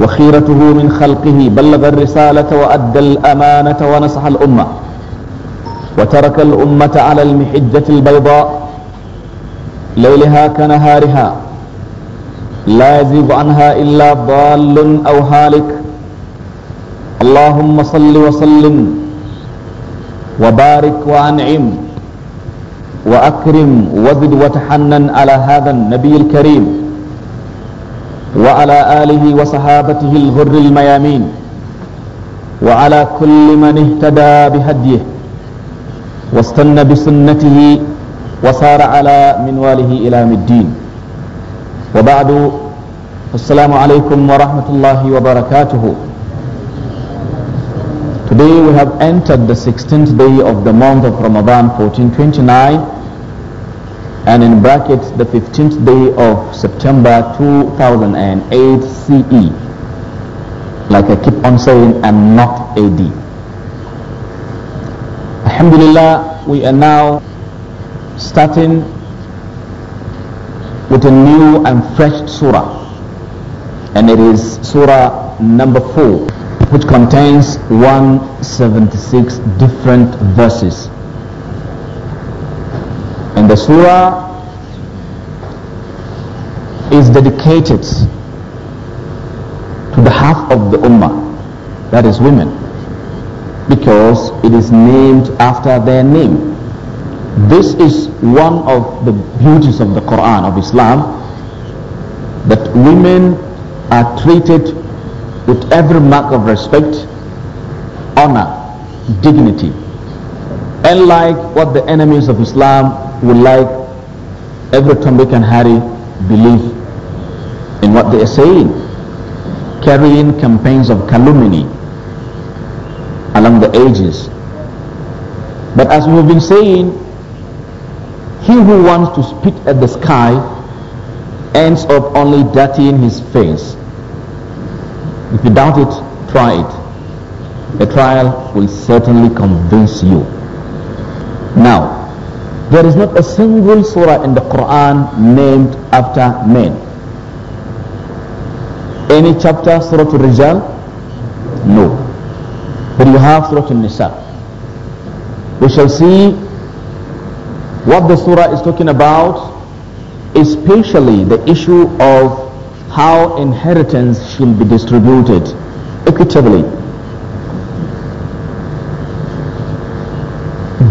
وخيرته من خلقه بلغ الرسالة وأدى الأمانة ونصح الأمة وترك الأمة على المحجة البيضاء ليلها كنهارها لا يزيغ عنها إلا ضال أو هالك اللهم صل وسلم وبارك وأنعم وأكرم وزد وتحنن على هذا النبي الكريم وعلى آله وصحابته الغر الميامين وعلى كل من اهتدى بهديه واستنى بسنته وصار على منواله إلى الدين وبعد السلام عليكم ورحمة الله وبركاته Today we have entered the 16th day of the month of Ramadan 1429 and in brackets the 15th day of September 2008 CE. Like I keep on saying, and not AD. Alhamdulillah, we are now starting with a new and fresh surah. And it is surah number 4, which contains 176 different verses. And the surah is dedicated to the half of the ummah, that is women, because it is named after their name. This is one of the beauties of the Quran, of Islam, that women are treated with every mark of respect, honor, dignity, unlike what the enemies of Islam would like every Tom, Dick and Harry believe in what they are saying, carrying campaigns of calumny along the ages. But as we've been saying, he who wants to spit at the sky ends up only dirtying his face. If you doubt it, try it. A trial will certainly convince you. Now, there is not a single surah in the Quran named after men. Any chapter, Surah Al-Rijal? No. But you have Surah Al-Nisa. We shall see what the surah is talking about, especially the issue of how inheritance should be distributed equitably.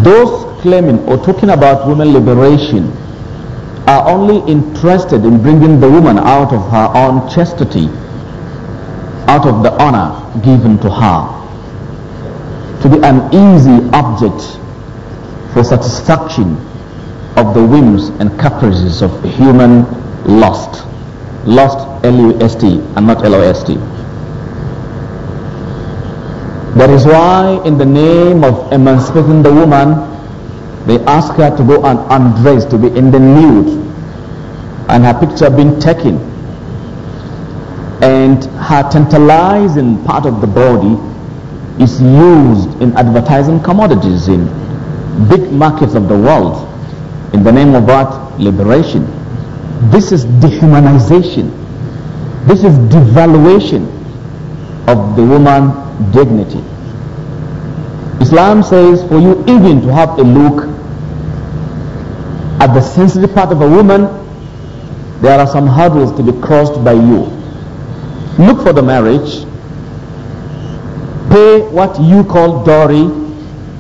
Those claiming or talking about women liberation are only interested in bringing the woman out of her own chastity, out of the honor given to her, to be an easy object for satisfaction of the whims and caprices of human lust. Lust, L-U-S-T, and not L-O-S-T. That is why in the name of emancipating the woman, they ask her to go and undress, to be in the nude, and her picture being taken. And her tantalizing part of the body is used in advertising commodities in big markets of the world in the name of what? Liberation. This is dehumanization. This is devaluation of the woman dignity. Islam says for you even to have a look at the sensitive part of a woman, there are some hurdles to be crossed by you. Look for the marriage. Pay what you call dowry.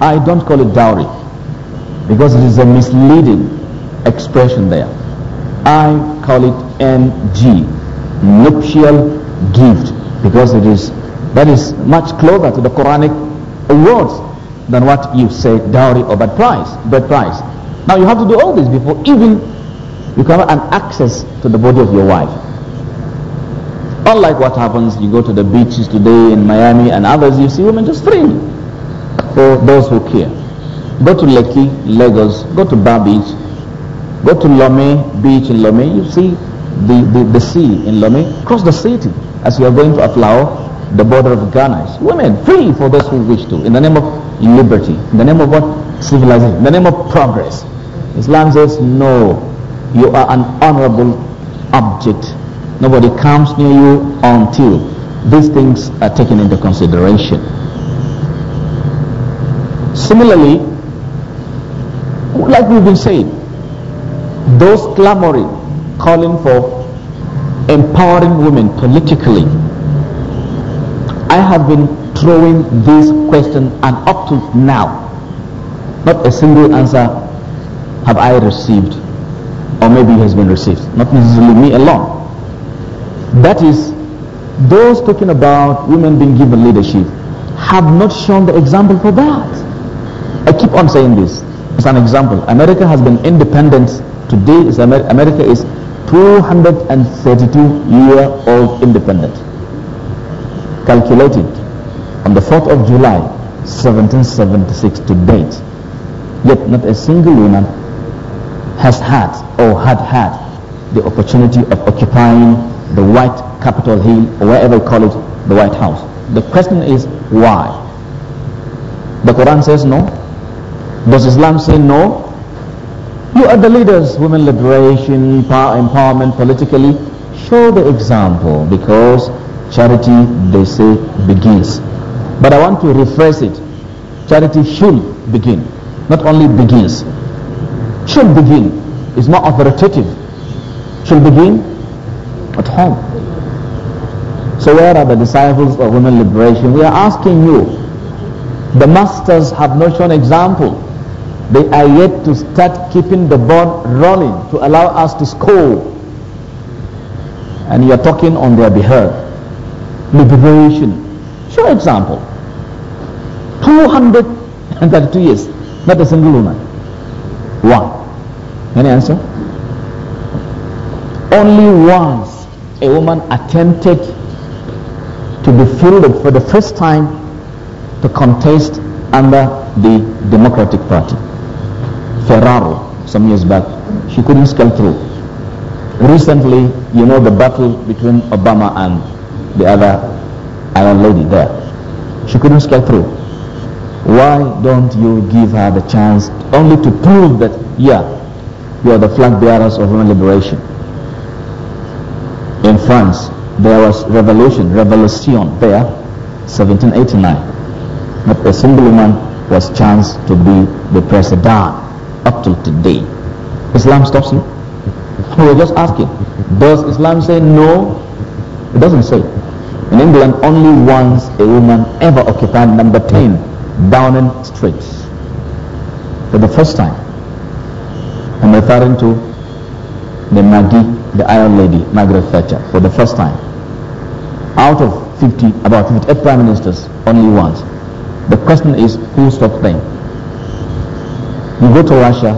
I don't call it dowry because it is a misleading expression there. I call it NG, nuptial gift, because it is that is much closer to the Quranic words than what you say dowry or bad price, bad price. Now you have to do all this before even you can have an access to the body of your wife. Unlike what happens, you go to the beaches today in Miami and others, you see women just free for those who care. Go to Lekki, Lagos, go to Bar Beach, go to Lome Beach in Lome, you see the, the, the sea in Lome, cross the city as you are going to a flower the border of Ghana. is women, free for those who wish to, in the name of liberty, in the name of what? Civilization, in the name of progress. Islam says, no, you are an honorable object. Nobody comes near you until these things are taken into consideration. Similarly, like we've been saying, those clamoring, calling for empowering women politically I have been throwing this question and up to now, not a single answer have I received or maybe has been received, not necessarily me alone. That is, those talking about women being given leadership have not shown the example for that. I keep on saying this as an example. America has been independent. Today is Amer America is 232 year old independent calculated on the 4th of July 1776 to date, yet not a single woman has had or had had the opportunity of occupying the white Capitol Hill or wherever we call it, the White House. The question is why? The Quran says no. Does Islam say no? You are the leaders, women liberation, power empowerment politically. Show the example because charity, they say, begins. But I want to rephrase it. Charity should begin, not only begins. Should begin is more authoritative. Should begin at home. So where are the disciples of women liberation? We are asking you. The masters have not shown example. They are yet to start keeping the board rolling to allow us to score. And you are talking on their behalf liberation. For example, 232 years, not a single woman. Why? Any answer? Only once a woman attempted to be fielded for the first time to contest under the Democratic Party. Ferraro, some years back, she couldn't scale through. Recently, you know the battle between Obama and the other iron lady there. She couldn't scale through. Why don't you give her the chance only to prove that, yeah, you are the flag bearers of women liberation? In France, there was revolution, revolution there, 1789. Not a single woman was chanced to be the president up till today. Islam stops you. We were just asking. Does Islam say no? It doesn't say. In England, only once a woman ever occupied number 10 Downing Street. For the first time. I'm referring to the Maggie, the Iron Lady, Margaret Thatcher, for the first time. Out of 50, about 58 prime ministers, only once. The question is, who stopped them? You go to Russia,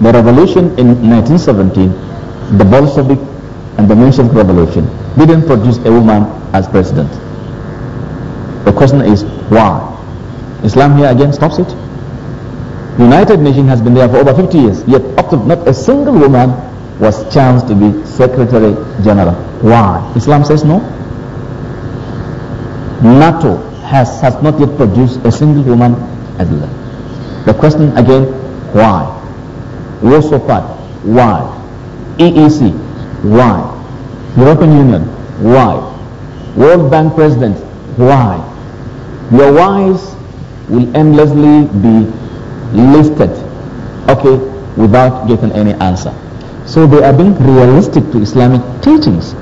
the revolution in 1917, the Bolshevik and the Menshevik revolution didn't produce a woman as president. The question is why? Islam here again stops it. United Nations has been there for over 50 years, yet up to not a single woman was chanced to be Secretary General. Why? Islam says no. NATO has, has not yet produced a single woman as leader. The question again, why? Warsaw Pact, why? EEC, why? European Union, why? World Bank president. Why? Your wives will endlessly be listed, okay, without getting any answer. So they are being realistic to Islamic teachings.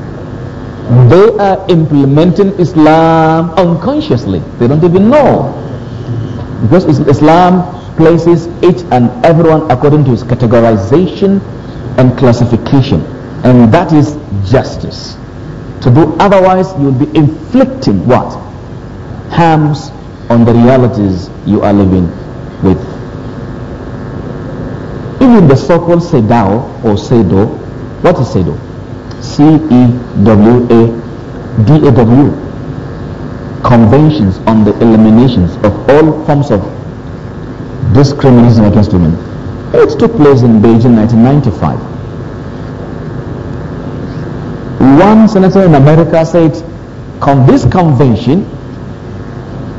They are implementing Islam unconsciously. They don't even know. Because Islam places each and everyone according to its categorization and classification. And that is justice to do otherwise you'll be inflicting what harms on the realities you are living with even the so-called sedao or sedo what is sedo c-e-w-a-d-a-w conventions on the eliminations of all forms of discrimination against women it took place in beijing 1995 one senator in America said, this convention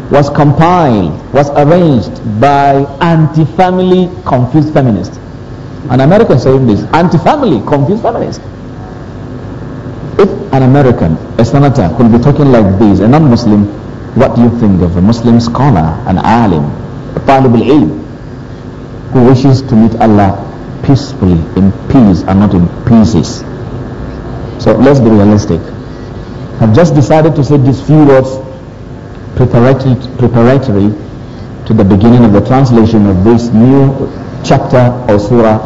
was compiled, was arranged by anti-family confused feminists. An American saying this, anti-family confused feminists. If an American, a senator, could be talking like this, a non-Muslim, what do you think of a Muslim scholar, an alim, a talib al who wishes to meet Allah peacefully, in peace and not in pieces? So let's be realistic. I've just decided to say these few words preparatory, preparatory to the beginning of the translation of this new chapter or surah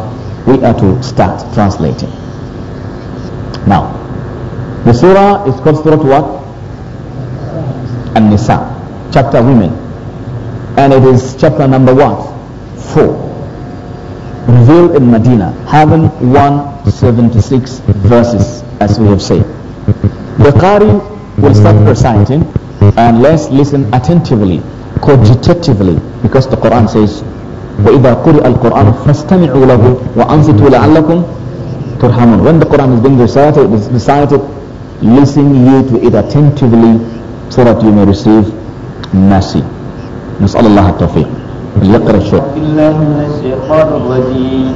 we are to start translating. Now, the surah is called Surah what? An-Nisa, chapter women. And it is chapter number what? Four. Revealed in Medina, having 176 verses. as we have said. The Qari will stop reciting and let's listen attentively, cogitatively, because the Quran says, وَإِذَا قُرِئَ الْقُرْآنُ فَاسْتَمِعُوا لَهُ وَأَنْصِتُوا لَعَلَّكُم تُرْحَمُونَ When the Quran is being recited, recited, listen you to it attentively so that you may receive mercy. نسأل الله التوفيق. يقرأ الشيخ. بالله من الشيطان الرجيم.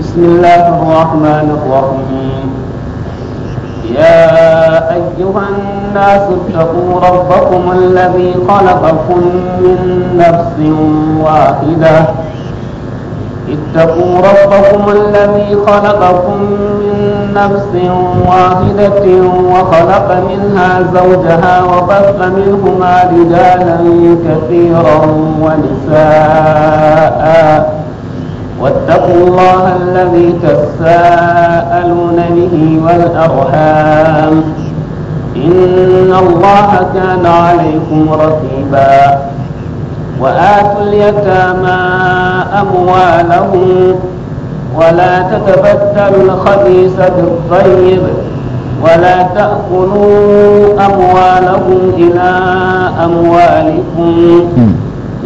بسم الله الرحمن الرحيم. يا أيها الناس اتقوا ربكم الذي خلقكم من نفس واحدة اتقوا ربكم الذي خلقكم من نفس واحدة وخلق منها زوجها وبث منهما رجالا كثيرا ونساء واتقوا الله الذي تساءلون به والأرحام إن الله كان عليكم رقيبا وآتوا اليتامى أموالهم ولا تتبدلوا الخبيث بالطيب ولا تأكلوا أموالهم إلى أموالكم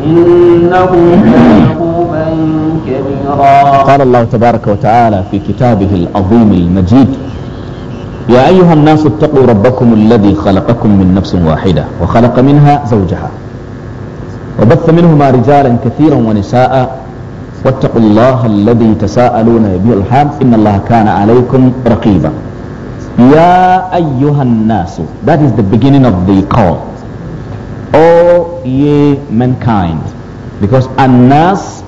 إنه كان قال الله تبارك وتعالى في كتابه العظيم المجيد يا أيها الناس اتقوا ربكم الذي خلقكم من نفس واحدة وخلق منها زوجها وبث منهما رجالا كثيرا ونساء واتقوا الله الذي تساءلون به الحام إن الله كان عليكم رقيبا يا أيها الناس that is the beginning of the call O ye mankind because الناس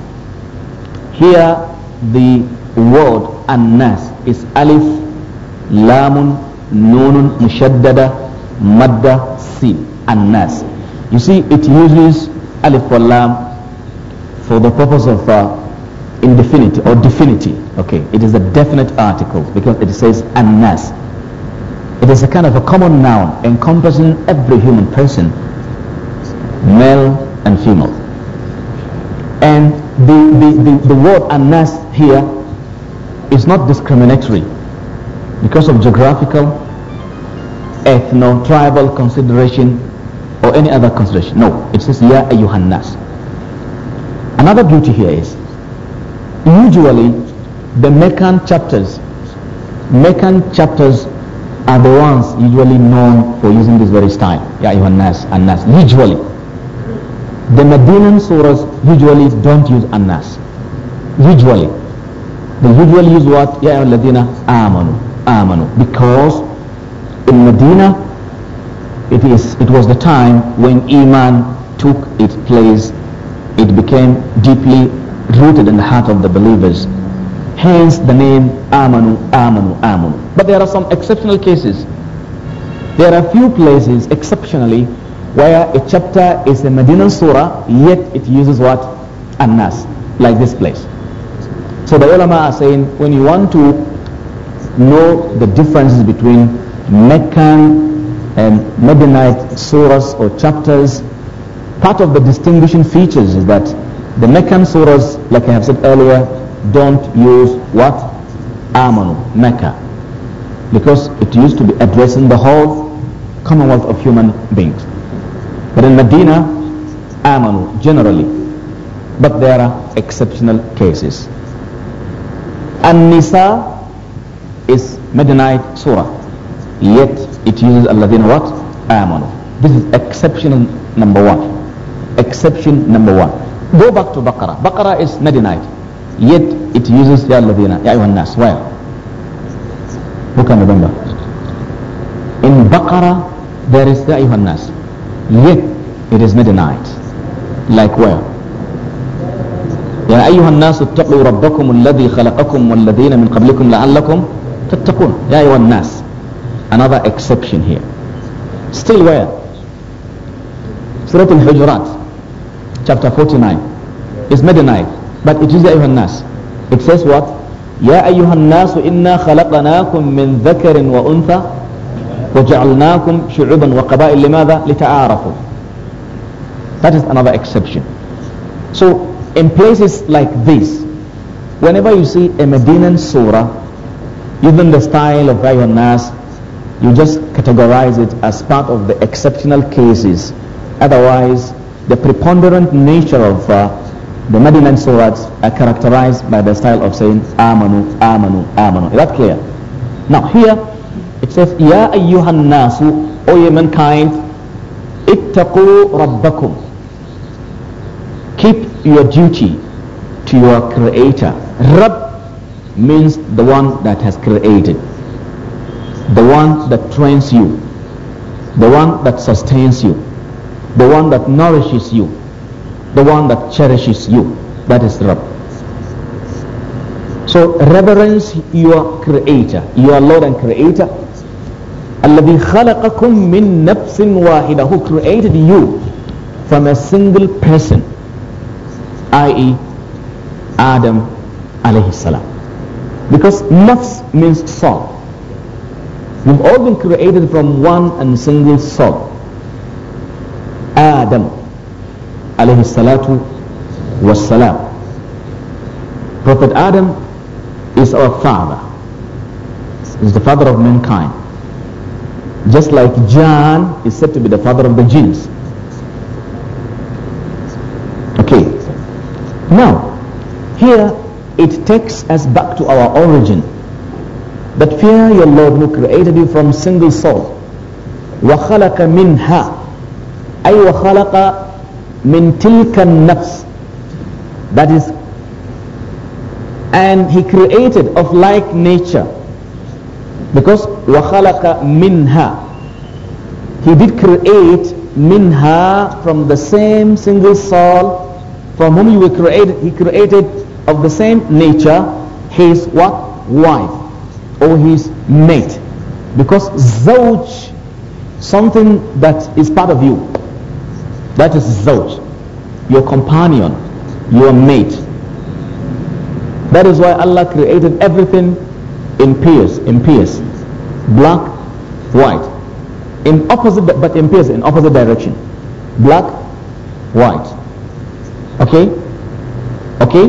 Here the word annas is alif, lamun, nunun, mushaddada, madda, sin, annas. You see, it uses alif or lam for the purpose of uh, or definite. Okay, it is a definite article because it says annas. It is a kind of a common noun encompassing every human person, male and female. And the, the, the, the word anas here is not discriminatory because of geographical, ethno, tribal consideration or any other consideration. No, it says Ya Ayyuhan Nas. Another beauty here is usually the Meccan chapters, Meccan chapters are the ones usually known for using this very style, Ya Ayyuhan Nas, and Nas, usually the Medinan surahs usually don't use annas. Usually. They usually use what? Ya ladina amanu. Amanu. Because in Medina, it, is, it was the time when Iman took its place. It became deeply rooted in the heart of the believers. Hence the name Amanu, Amanu, Amanu. But there are some exceptional cases. There are few places exceptionally where a chapter is a Medinan surah, yet it uses what? an like this place. So the ulama are saying, when you want to know the differences between Meccan and Medinite surahs or chapters, part of the distinguishing features is that the Meccan surahs, like I have said earlier, don't use what? Amanu, Mecca. Because it used to be addressing the whole commonwealth of human beings. But in Medina, amanu generally. But there are exceptional cases. An-Nisa is Medinite surah. Yet it uses Alladina what? Amanu. This is exception number one. Exception number one. Go back to Baqarah. Baqarah is Medinite. Yet it uses Ya Alladina, Ya Ayuhan Nas. Where? Who can remember? In Baqarah there is Ya Ayuhan Nas. yet it is midnight like where يا أيها الناس اتقوا ربكم الذي خلقكم والذين من قبلكم لعلكم تتقون يا أيها الناس another exception here still where سورة الحجرات chapter 49 is midnight but it is يا أيها الناس it says what يا أيها الناس إنا خلقناكم من ذكر وأنثى وجعلناكم شعوبا وقبائل لماذا لتعارفوا that is another exception so in places like this whenever you see a Medinan surah even the style of Ayyuhan Nas you just categorize it as part of the exceptional cases otherwise the preponderant nature of uh, the Medinan surahs are characterized by the style of saying amanu amanu amanu is that clear now here says, Ya ayyuhan nasu, O ye mankind, ittaqu rabbakum. Keep your duty to your creator. Rabb means the one that has created, the one that trains you, the one that sustains you, the one that nourishes you, the one that cherishes you. That is Rabb. So reverence your creator, your Lord and creator. الذي خلقكم من نفس واحدة who created you from a single person i.e. Adam عليه salam because nafs means soul we've all been created from one and single soul Adam عليه salatu was Prophet Adam is our father is the father of mankind just like John is said to be the father of the Jews. Okay. Now, here it takes us back to our origin. That fear your Lord who created you from single soul. وخلق منها أي وخلق من تلك النفس that is and he created of like nature because وَخَلَقَ minha, He did create minha from the same single soul from whom He were created, he created of the same nature his what? Wife or his mate. Because zawj, something that is part of you. That is zawj, your companion, your mate. That is why Allah created everything impious, impious, black, white, in opposite but impious in opposite direction, black, white, okay, okay,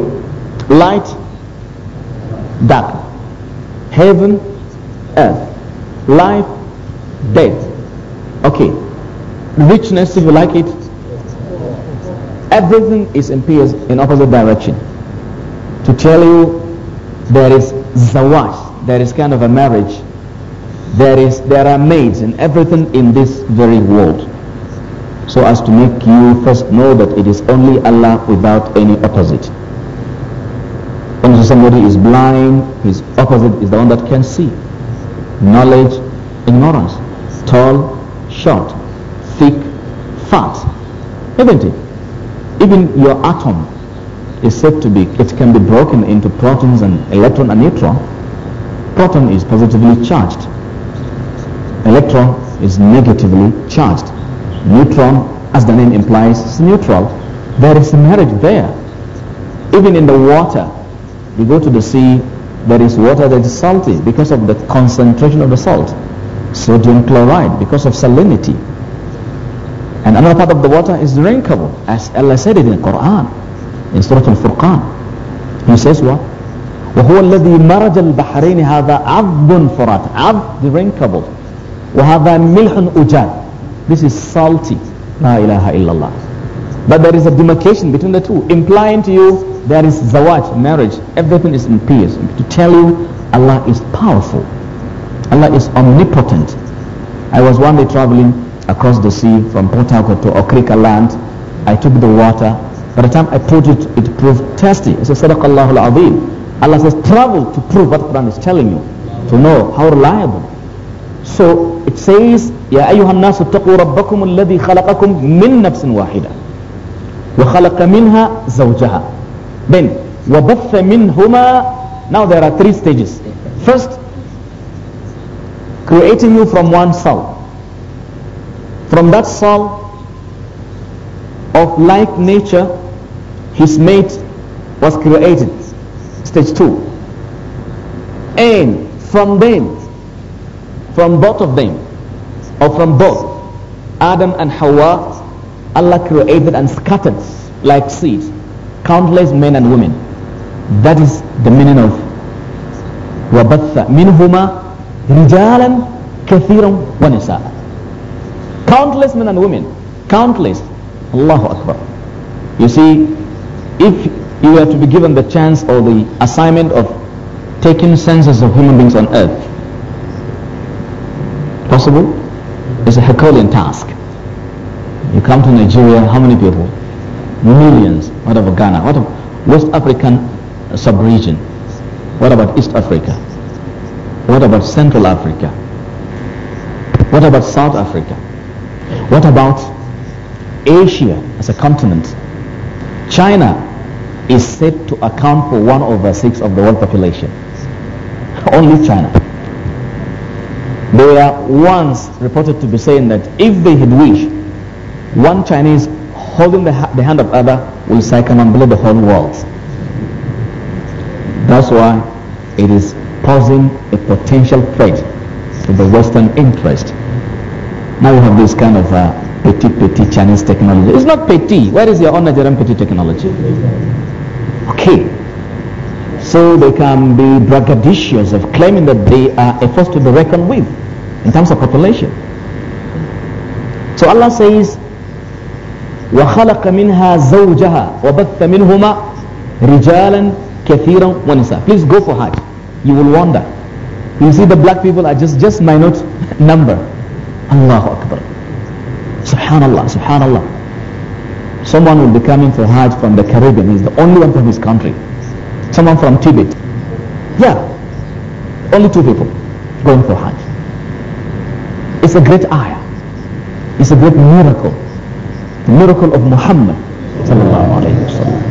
light, dark, heaven, earth, life, death, okay, richness if you like it, everything is impious in opposite direction. To tell you there is zawaj, there is kind of a marriage. There is there are maids and everything in this very world. So as to make you first know that it is only Allah without any opposite. When somebody is blind, his opposite is the one that can see. Knowledge, ignorance. Tall, short, thick, fat. Isn't it? Even your atom is said to be, it can be broken into protons and electron and neutron. Proton is positively charged. Electron is negatively charged. Neutron, as the name implies, is neutral. There is a marriage there. Even in the water, you go to the sea, there is water that is salty because of the concentration of the salt. Sodium chloride because of salinity. And another part of the water is drinkable, as Allah said it in the Quran, in Surah Al-Furqan. He says what? وهو الذي مرج البحرين هذا عذب فرات عذب drinkable وهذا ملح أجاد this is salty لا إله إلا الله but there is a demarcation between the two implying to you there is zawaj marriage everything is in peace to tell you Allah is powerful Allah is omnipotent I was one day traveling across the sea from Port Harcourt to Okrika land I took the water by the time I put it it proved tasty it's a sadaqallahu al-azim Allah says travel to prove what Quran is telling you, to know how reliable. So it says, يا أيها الناس اتقوا ربكم الذي خلقكم من نفس واحدة وخلق منها زوجها. Then وبث منهما Now there are three stages. First, creating you from one soul. From that soul of like nature, his mate was created stage two. And from them, from both of them, or from both, Adam and Hawa, Allah created and scattered like seeds, countless men and women. That is the meaning of وَبَثَّ مِنْهُمَا رِجَالًا كَثِيرًا وَنِسَاءً Countless men and women, countless. Allahu Akbar. You see, if you were to be given the chance or the assignment of taking census of human beings on earth. Possible? It's a Herculean task. You come to Nigeria, how many people? Millions. What about Ghana? What about West African uh, sub-region? What about East Africa? What about Central Africa? What about South Africa? What about Asia as a continent? China is said to account for one over six of the world population. Only China. They were once reported to be saying that if they had wished, one Chinese holding the, ha the hand of other will circumambulate the whole world. That's why it is posing a potential threat to the Western interest. Now we have this kind of uh, petit petit Chinese technology. It's not petit. Where is your own Nigerian petit technology? Okay. So they can be braggadocious of claiming that they are a force to be reckoned with in terms of population. So Allah says, وخلق منها زوجها وبث منهما رجالا كثيرا ونساء please go for Hajj you will wonder you see the black people are just just minute number Allahu Akbar subhanallah subhanallah Someone will be coming for Hajj from the Caribbean. He's the only one from his country. Someone from Tibet. Yeah. Only two people going for Hajj. It's a great ayah. It's a great miracle. The miracle of Muhammad sallallahu alayhi wasallam.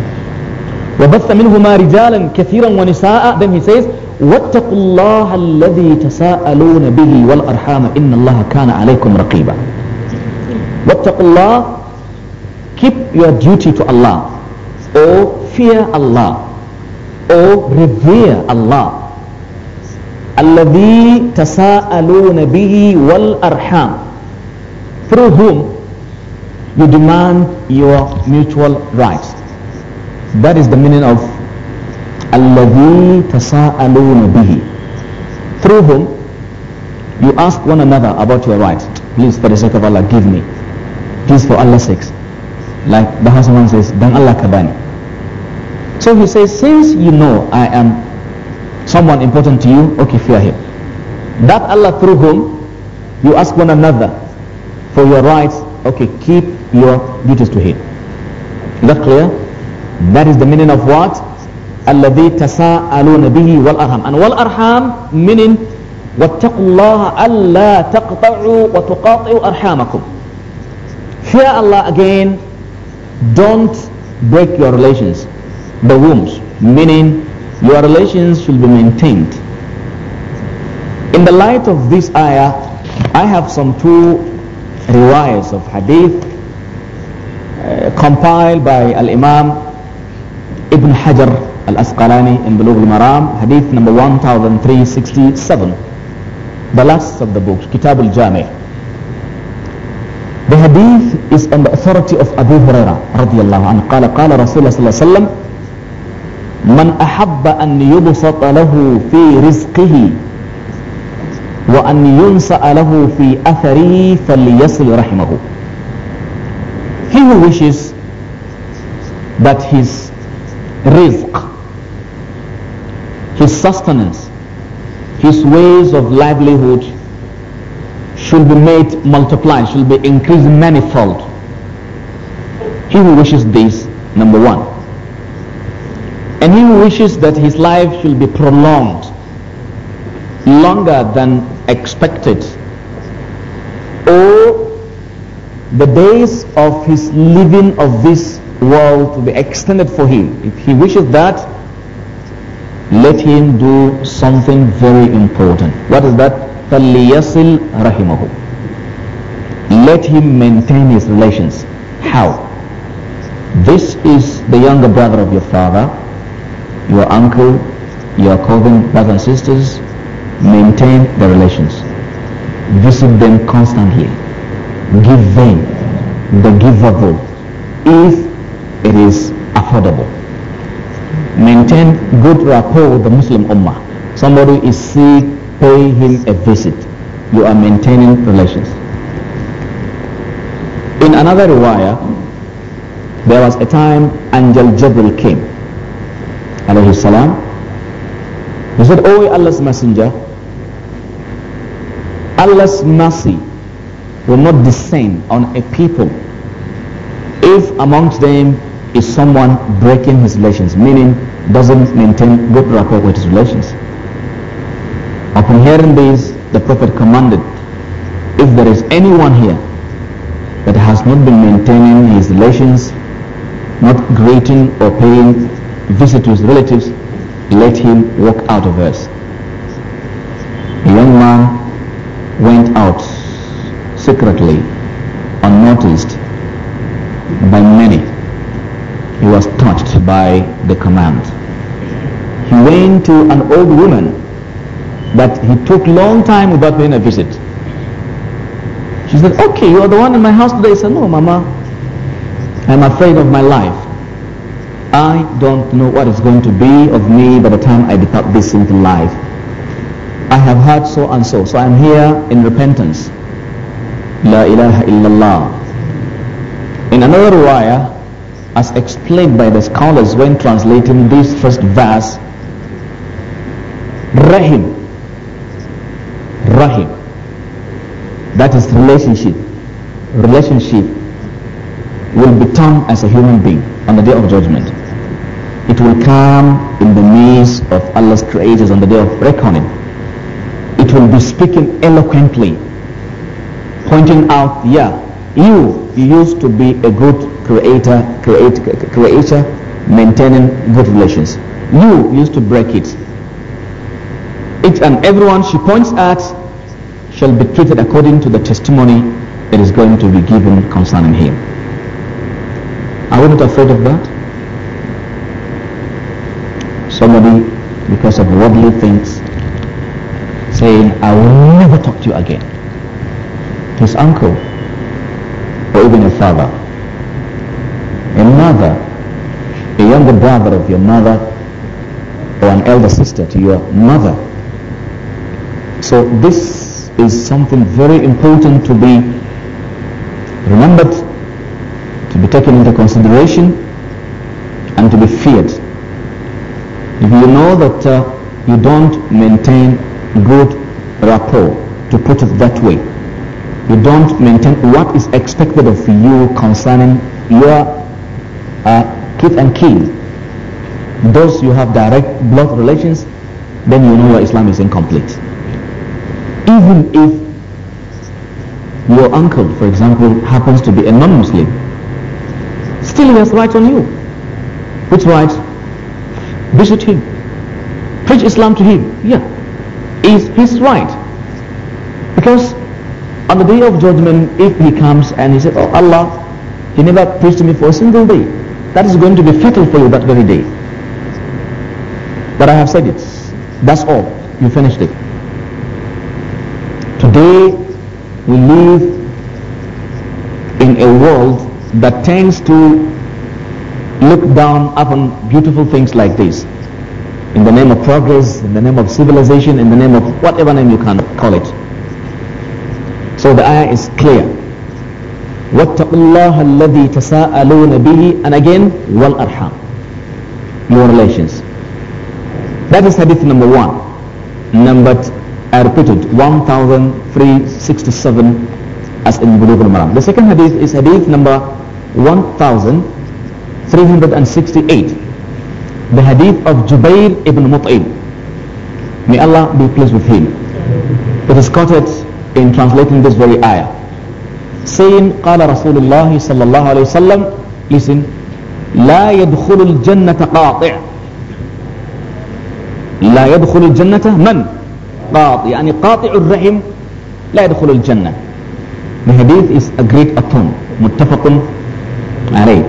وبث منهما رجالا كثيرا ونساء then he says واتقوا الله الذي تساءلون به والأرحام إن الله كان عليكم رقيبا واتقوا الله keep your duty to Allah or oh, fear Allah or oh, revere Allah. الذي تساءلون به والأرحام through whom you demand your mutual rights. That is the meaning of الذي تساءلون به through whom you ask one another about your rights. Please, for the sake of Allah, give me. Please, for Allah's sake. Like the husband says, Dan Allah Kabani. So he says, since you know I am someone important to you, okay, fear him. That Allah through whom you ask one another for your rights, okay, keep your duties to him. Is that clear? That is the meaning of what? الذي تساءلون به والأرحام and والأرحام meaning واتقوا الله ألا تقطعوا وتقاطعوا أرحامكم fear Allah again don't break your relations, the wombs, meaning your relations should be maintained. In the light of this ayah, I have some two riwayahs of hadith uh, compiled by Al-Imam Ibn Hajar Al-Asqalani in Bulugh al-Maram, hadith number 1367, the last of the books, Kitab al-Jami' The hadith is on the authority of Abu Huraira الله عنه قال قال رسول الله صلى الله عليه وسلم من أحب أن يبسط له في رزقه وأن ينسأ له في أثره فليصل رحمه. He who wishes that his rizq, his sustenance, his ways of livelihood should be made multiplied, should be increased manifold. He who wishes this, number one. And he who wishes that his life should be prolonged longer than expected, or the days of his living of this world to be extended for him. If he wishes that, let him do something very important. What is that? فَلْيَصِلْ رَحِمَهُ Let him maintain his relations. How? This is the younger brother of your father, your uncle, your cousin, brothers and sisters. Maintain the relations. Visit them constantly. Give them the givable if it is affordable. Maintain good rapport with the Muslim Ummah. Somebody is sick, pay him a visit. You are maintaining relations. In another riwayah, there was a time Angel Jibril came. Alayhi salam. He said, O Allah's messenger, Allah's mercy will not descend on a people if amongst them is someone breaking his relations, meaning doesn't maintain good rapport with his relations. Upon hearing this, the Prophet commanded, if there is anyone here that has not been maintaining his relations, not greeting or paying visit to his relatives, let him walk out of us. The young man went out secretly, unnoticed by many. He was touched by the command. He went to an old woman that he took long time without paying a visit. She said, okay, you are the one in my house today. He said, no, Mama, I'm afraid of my life. I don't know what is going to be of me by the time I depart this sinful life. I have heard so and so, so I'm here in repentance. La ilaha illallah. In another riwayah, as explained by the scholars when translating this first verse, Rahim, rahim. That is relationship. Relationship will be termed as a human being on the day of judgment. It will come in the midst of Allah's creators on the day of reckoning. It will be speaking eloquently, pointing out, yeah, you, you used to be a good creator, create, creator, maintaining good relations. You used to break it. It and everyone she points at shall be treated according to the testimony that is going to be given concerning him. Are we not afraid of that? Somebody, because of worldly things, saying, I will never talk to you again. His uncle, or even a father, a mother, a younger brother of your mother, or an elder sister to your mother. So this is something very important to be remembered, to be taken into consideration, and to be feared. If you know that uh, you don't maintain good rapport, to put it that way, you don't maintain what is expected of you concerning your uh, kith and kin, those you have direct blood relations, then you know your Islam is incomplete even if your uncle, for example, happens to be a non-Muslim, still he has rights on you. Which rights? Visit him. Preach Islam to him. Yeah. Is his right. Because on the day of judgment, if he comes and he says, Oh Allah, he never preached to me for a single day. That is going to be fatal for you that very day. But I have said it. That's all. You finished it. Today, we live in a world that tends to look down upon beautiful things like this in the name of progress, in the name of civilization, in the name of whatever name you can call it. So the ayah is clear. وَاتَّقُوا اللَّهَ الَّذِي تَسَاءَلُونَ بِهِ And again, wal-arham. Your relations. That is hadith number one. Number two. I repeated 1367 as in Bulughul al-Maram. The second hadith is hadith number 1368. The hadith of Jubair ibn Mut'im. May Allah be pleased with him. It is quoted in translating this very ayah. Saying, قال رسول الله صلى الله عليه وسلم, listen, لا يدخل الجنة قاطع. لا يدخل الجنة من؟ القاطع يعني قاطع الرحم لا يدخل الجنة The hadith is a great atom متفق عليه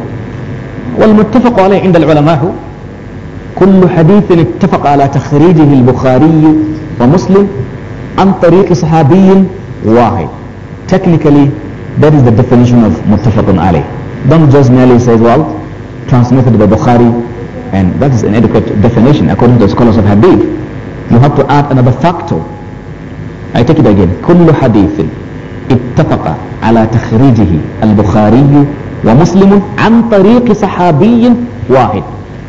والمتفق عليه عند العلماء كل حديث اتفق على تخريجه البخاري ومسلم عن طريق صحابي واحد technically that is the definition of متفق عليه don't just merely say well transmitted by Bukhari and that is an adequate definition according to the scholars of hadith you have to add another factor I take it again كل حديث اتفق على تخريجه البخاري ومسلم عن طريق صحابي واحد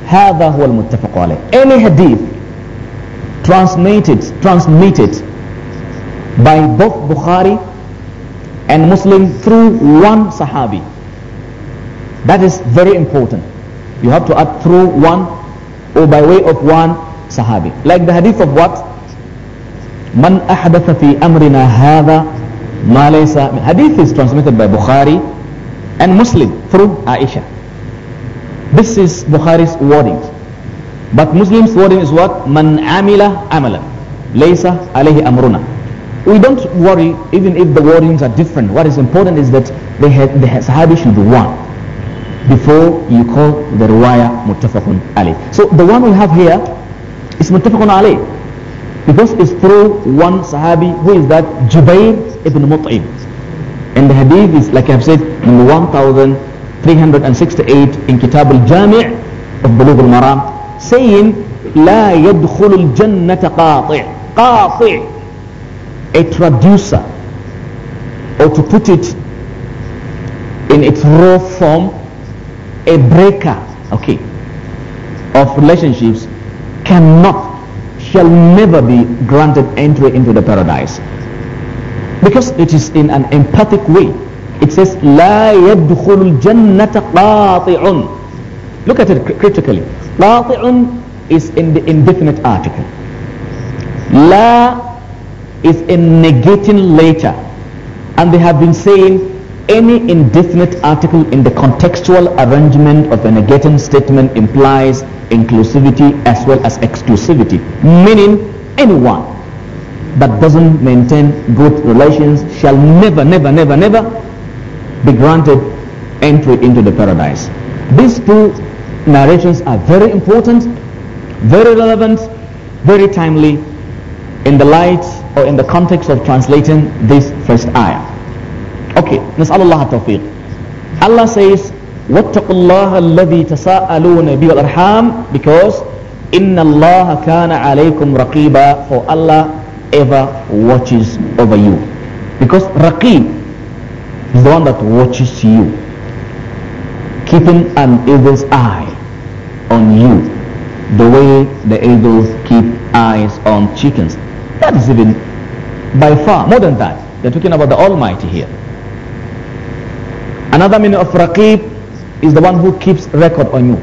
هذا هو المتفق عليه any hadith transmitted transmitted by both Bukhari and Muslim through one Sahabi that is very important you have to add through one or by way of one Sahabi. Like the hadith of what? Man ahdatha fi amrina hadha ma laysa. Hadith is transmitted by Bukhari and Muslim through Aisha. This is Bukhari's wording. But Muslim's wording is what? Man amila amala. Laysa alayhi amruna. We don't worry even if the wordings are different. What is important is that the, the Sahabi should be one before you call the riwayah muttafaqun alayh. So the one we have here it's muttafaqun alayh. Because it's through one Sahabi, who is that? Jubair ibn Mut'im. And the hadith is, like I have said, number 1368 in Kitab al-Jami' of Bulugh al-Maram, saying, لا يدخل الجنة قاطع قاطع a traducer or to put it in its raw form a breaker okay of relationships cannot, shall never be granted entry into the paradise. Because it is in an emphatic way. It says, لا يدخل الجنة قاطع. Look at it critically. قاطع is in the indefinite article. La is in negating later. And they have been saying any indefinite article in the contextual arrangement of a negating statement implies inclusivity as well as exclusivity, meaning anyone that doesn't maintain good relations shall never, never, never, never be granted entry into the paradise. These two narrations are very important, very relevant, very timely in the light or in the context of translating this first ayah. Okay, نسأل الله التوفيق. Allah says, واتقوا الله الذي تساءلون به because إن الله كان عليكم رقيبا for Allah ever watches over you. Because رَقِيبَ is the one that watches you, keeping an eagle's eye on you, the way the eagles keep eyes on chickens. That is even by far more than that. They're talking about the Almighty here. Another meaning of Raqib is the one who keeps record on you.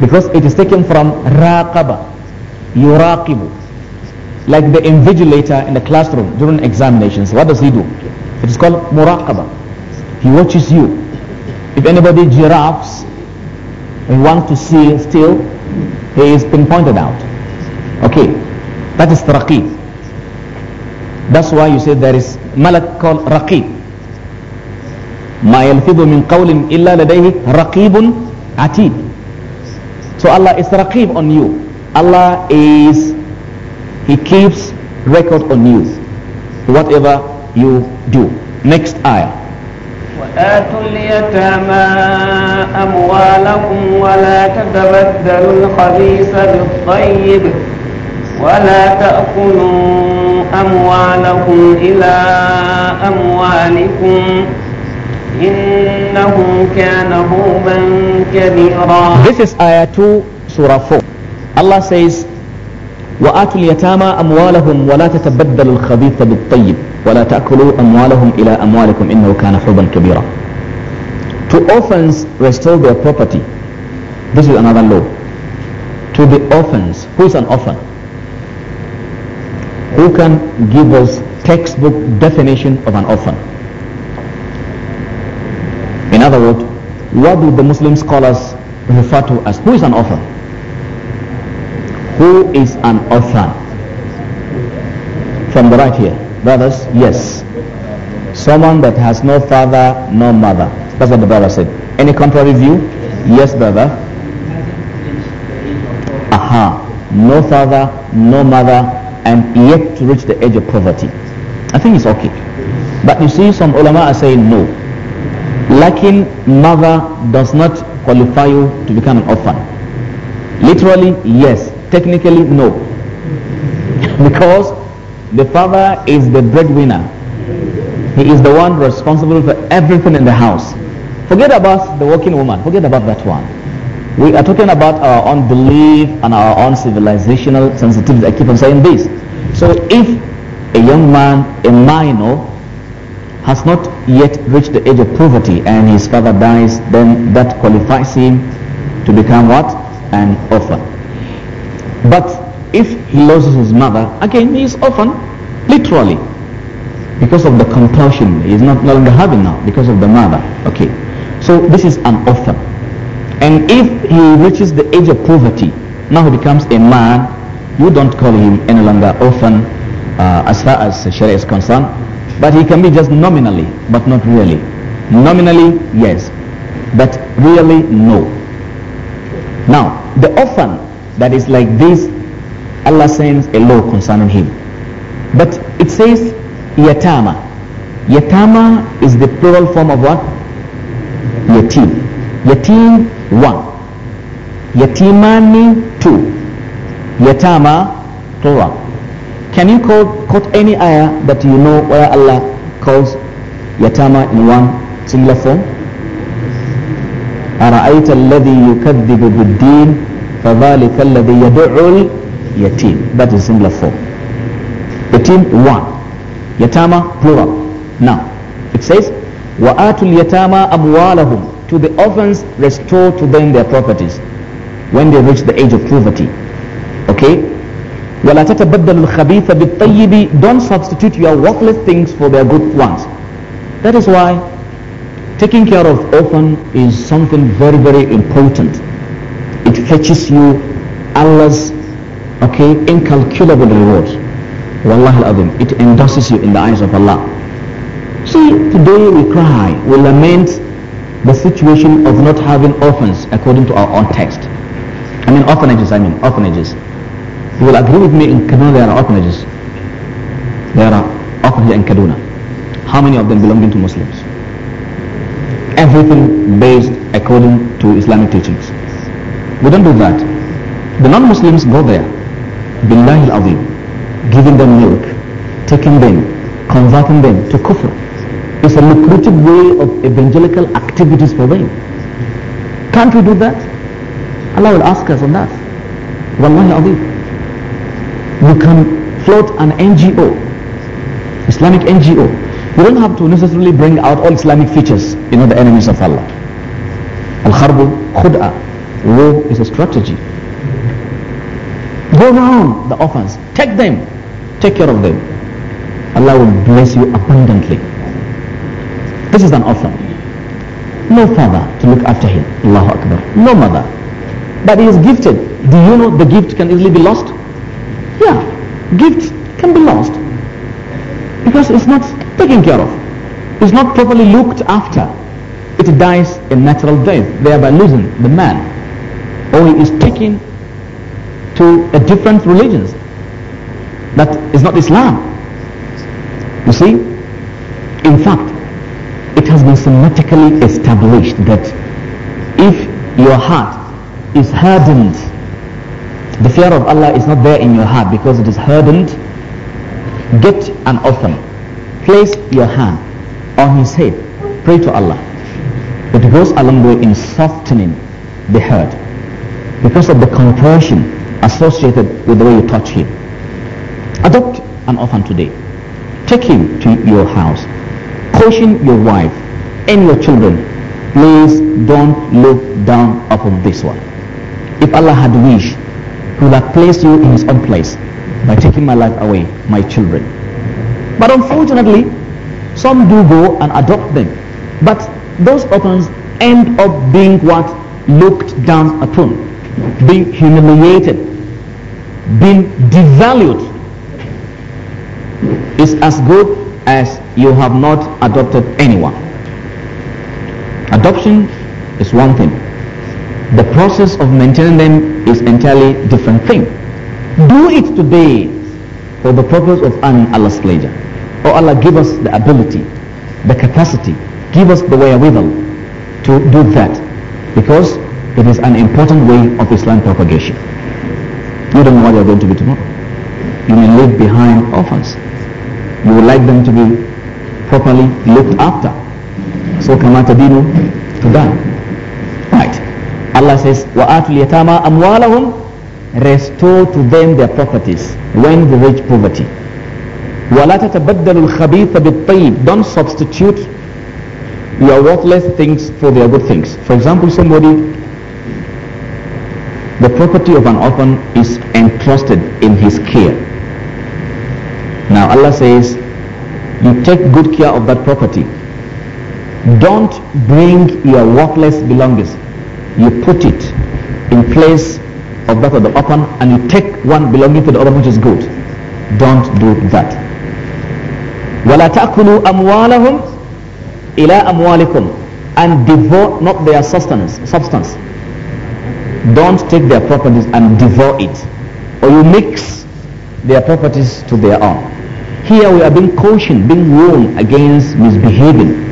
Because it is taken from Raqaba, Yuraqibu. Like the invigilator in the classroom during examinations. What does he do? It is called Muraqaba. He watches you. If anybody giraffes and wants to see still, he is pinpointed out. Okay, that is Raqib. That's why you say there is Malak called Raqib. ما يلفظ من قول إلا لديه رقيب عتيد so Allah is رقيب on you Allah is he keeps record on you whatever you do next ayah وآتوا اليتامى أموالكم ولا تتبدلوا الخبيث بالطيب ولا تأكلوا أموالكم إلى أموالكم إنه كان هوما كبيرا This is ayah 2 surah 4 Allah says وآتوا اليتامى أموالهم ولا تتبدلوا الخبيث بالطيب ولا تأكلوا أموالهم إلى أموالكم إنه كان حبا كبيرا To orphans restore their property This is another law To the orphans Who is an orphan? Who can give us textbook definition of an orphan? what do the Muslim scholars refer to as? Who is an author? Who is an author? From the right here. Brothers, yes. Someone that has no father, no mother. That's what the brother said. Any contrary view? Yes, brother. Aha. No father, no mother, and yet to reach the age of poverty. I think it's okay. But you see, some ulama are saying no lacking mother does not qualify you to become an orphan. Literally, yes. Technically, no. because the father is the breadwinner. He is the one responsible for everything in the house. Forget about the working woman. Forget about that one. We are talking about our own belief and our own civilizational sensitivity. I keep on saying this. So if a young man, a minor, has not yet reached the age of poverty and his father dies, then that qualifies him to become what? An orphan. But if he loses his mother, again he is orphan, literally, because of the compulsion. He is not no longer having now because of the mother. Okay, so this is an orphan. And if he reaches the age of poverty, now he becomes a man. You don't call him any longer orphan uh, as far as Sharia is concerned but he can be just nominally, but not really. Nominally, yes. But really, no. Now, the orphan that is like this, Allah sends a law concerning him. But it says yatama. Yatama is the plural form of what? Yatim. Yatim, one. Yatimani, two. Yatama, plural. Can you quote, quote any ayah that you know where Allah calls yatama in one singular form? أرأيت الذي يكذب بالدين فذلك الذي يدعو اليتيم That is singular form. Yatim one. Yatama plural. Now it says وآتوا اليتامى أموالهم To the orphans restore to them their properties when they reach the age of puberty. Okay? وَلَا تَتَبَدَّلُ الْخَبِيثَ بِالطَّيِّبِ Don't substitute your worthless things for their good ones. That is why taking care of orphan is something very, very important. It fetches you Allah's okay, incalculable rewards. Wallah al it endorses you in the eyes of Allah. See, today we cry, we lament the situation of not having orphans according to our own text. I mean orphanages, I mean orphanages. You will agree with me in Kaduna there are orphanages. There are orphanages in Kaduna. How many of them belonging to Muslims? Everything based according to Islamic teachings. We don't do that. The non-Muslims go there. Billahi al Giving them milk. Taking them. Converting them to kufr. It's a lucrative way of evangelical activities for them. Can't we do that? Allah will ask us on that. Wallahi al you can float an NGO, Islamic NGO. You don't have to necessarily bring out all Islamic features, you know, the enemies of Allah. Al-Kharbu Khud'a. War is a strategy. Go round the orphans. Take them. Take care of them. Allah will bless you abundantly. This is an orphan. No father to look after him. Allahu Akbar. No mother. But he is gifted. Do you know the gift can easily be lost? Yeah, gift can be lost because it's not taken care of. It's not properly looked after. It dies a natural death, thereby losing the man. Or he is taken to a different religion that is not Islam. You see, in fact, it has been systematically established that if your heart is hardened the fear of Allah is not there in your heart because it is hardened. Get an orphan. Place your hand on his head. Pray to Allah. It goes a long way in softening the heart because of the compression associated with the way you touch him. Adopt an orphan today. Take him to your house. Caution your wife and your children. Please don't look down upon this one. If Allah had wished, will have placed you in his own place by taking my life away, my children. But unfortunately, some do go and adopt them. But those orphans end up being what? Looked down upon, being humiliated, being devalued. It's as good as you have not adopted anyone. Adoption is one thing the process of maintaining them is entirely different thing. Do it today for the purpose of earning Allah's pleasure. Oh Allah, give us the ability, the capacity, give us the wherewithal to do that because it is an important way of Islam propagation. You don't know what you're going to be tomorrow. You may leave behind orphans. You would like them to be properly looked after. So kamata dinu to die. Right. Allah says, وَآتُوا الْيَتَامَى أَمْوَالَهُمْ Restore to them their properties when they reach poverty. وَلَا تَتَبَدَّلُوا الْخَبِيثَ بِالطَّيِّبِ Don't substitute your worthless things for their good things. For example, somebody, the property of an orphan is entrusted in his care. Now Allah says, you take good care of that property. Don't bring your worthless belongings you put it in place of that of the open and you take one belonging to the other which is good. Don't do that. وَلَا تَأْكُلُوا أَمْوَالَهُمْ إِلَىٰ أَمْوَالِكُمْ And devour not their substance. substance. Don't take their properties and devour it. Or you mix their properties to their own. Here we are being cautioned, being warned against misbehaving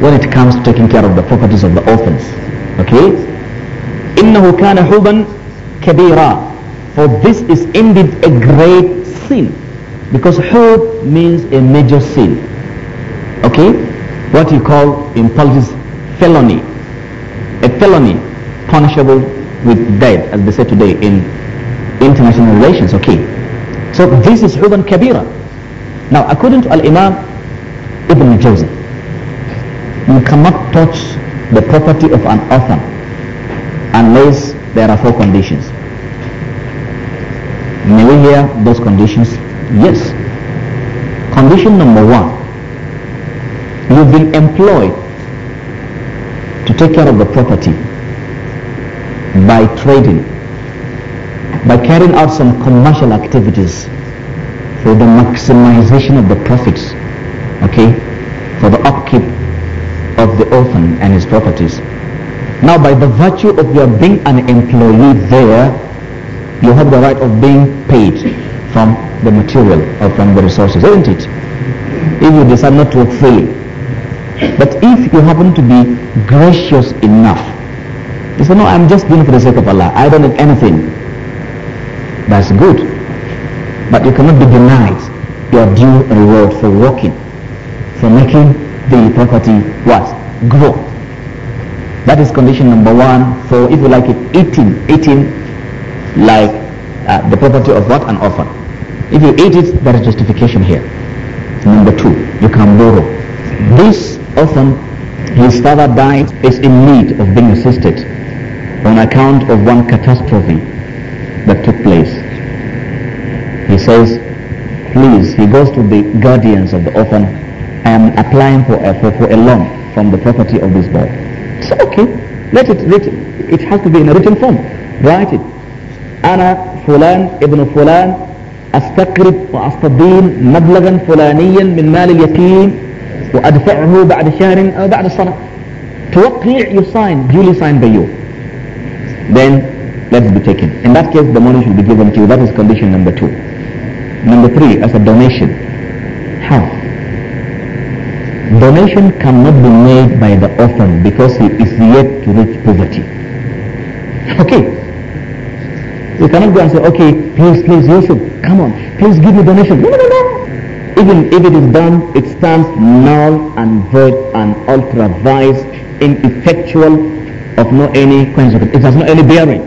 when it comes to taking care of the properties of the orphans. Okay? إنه كان حبا كبيرا for this is indeed a great sin because hub means a major sin okay what you call in politics felony a felony punishable with death as they say today in international relations okay so this is huban kabira now according to al-imam ibn jawzi you cannot touch the property of an orphan unless there are four conditions. May we hear those conditions? Yes. Condition number one, you've been employed to take care of the property by trading, by carrying out some commercial activities for the maximization of the profits, okay, for the upkeep of the orphan and his properties. Now by the virtue of your being an employee there, you have the right of being paid from the material or from the resources, isn't it? If you decide not to work freely. But if you happen to be gracious enough, you say, no, I'm just doing for the sake of Allah. I don't need anything. That's good. But you cannot be denied your due reward for working, for making the property what? Grow. That is condition number one for, if you like it, eating, eating like uh, the property of what? An orphan. If you eat it, there is justification here. Number two, you can borrow. This orphan, his father died, is in need of being assisted on account of one catastrophe that took place. He says, please, he goes to the guardians of the orphan, I am applying for a, for, for a loan from the property of this boy okay, let it written. It has to be in a written form. Write it. أنا فلان ابن فلان أستقرض وأستدين مبلغا فلانيا من مال اليتيم وأدفعه بعد شهر أو بعد سنة. توقيع you sign, duly signed by you. Then let's be taken. In that case, the money should be given to you. That is condition number two. Number three, as a donation. How? donation cannot be made by the orphan because he is yet to reach poverty. Okay. You cannot go and say, okay, please, please, Yusuf, come on, please give me donation. No, no, no. Even if it is done, it stands null and void and ultra vice, ineffectual, of no any consequence. It has no any bearing.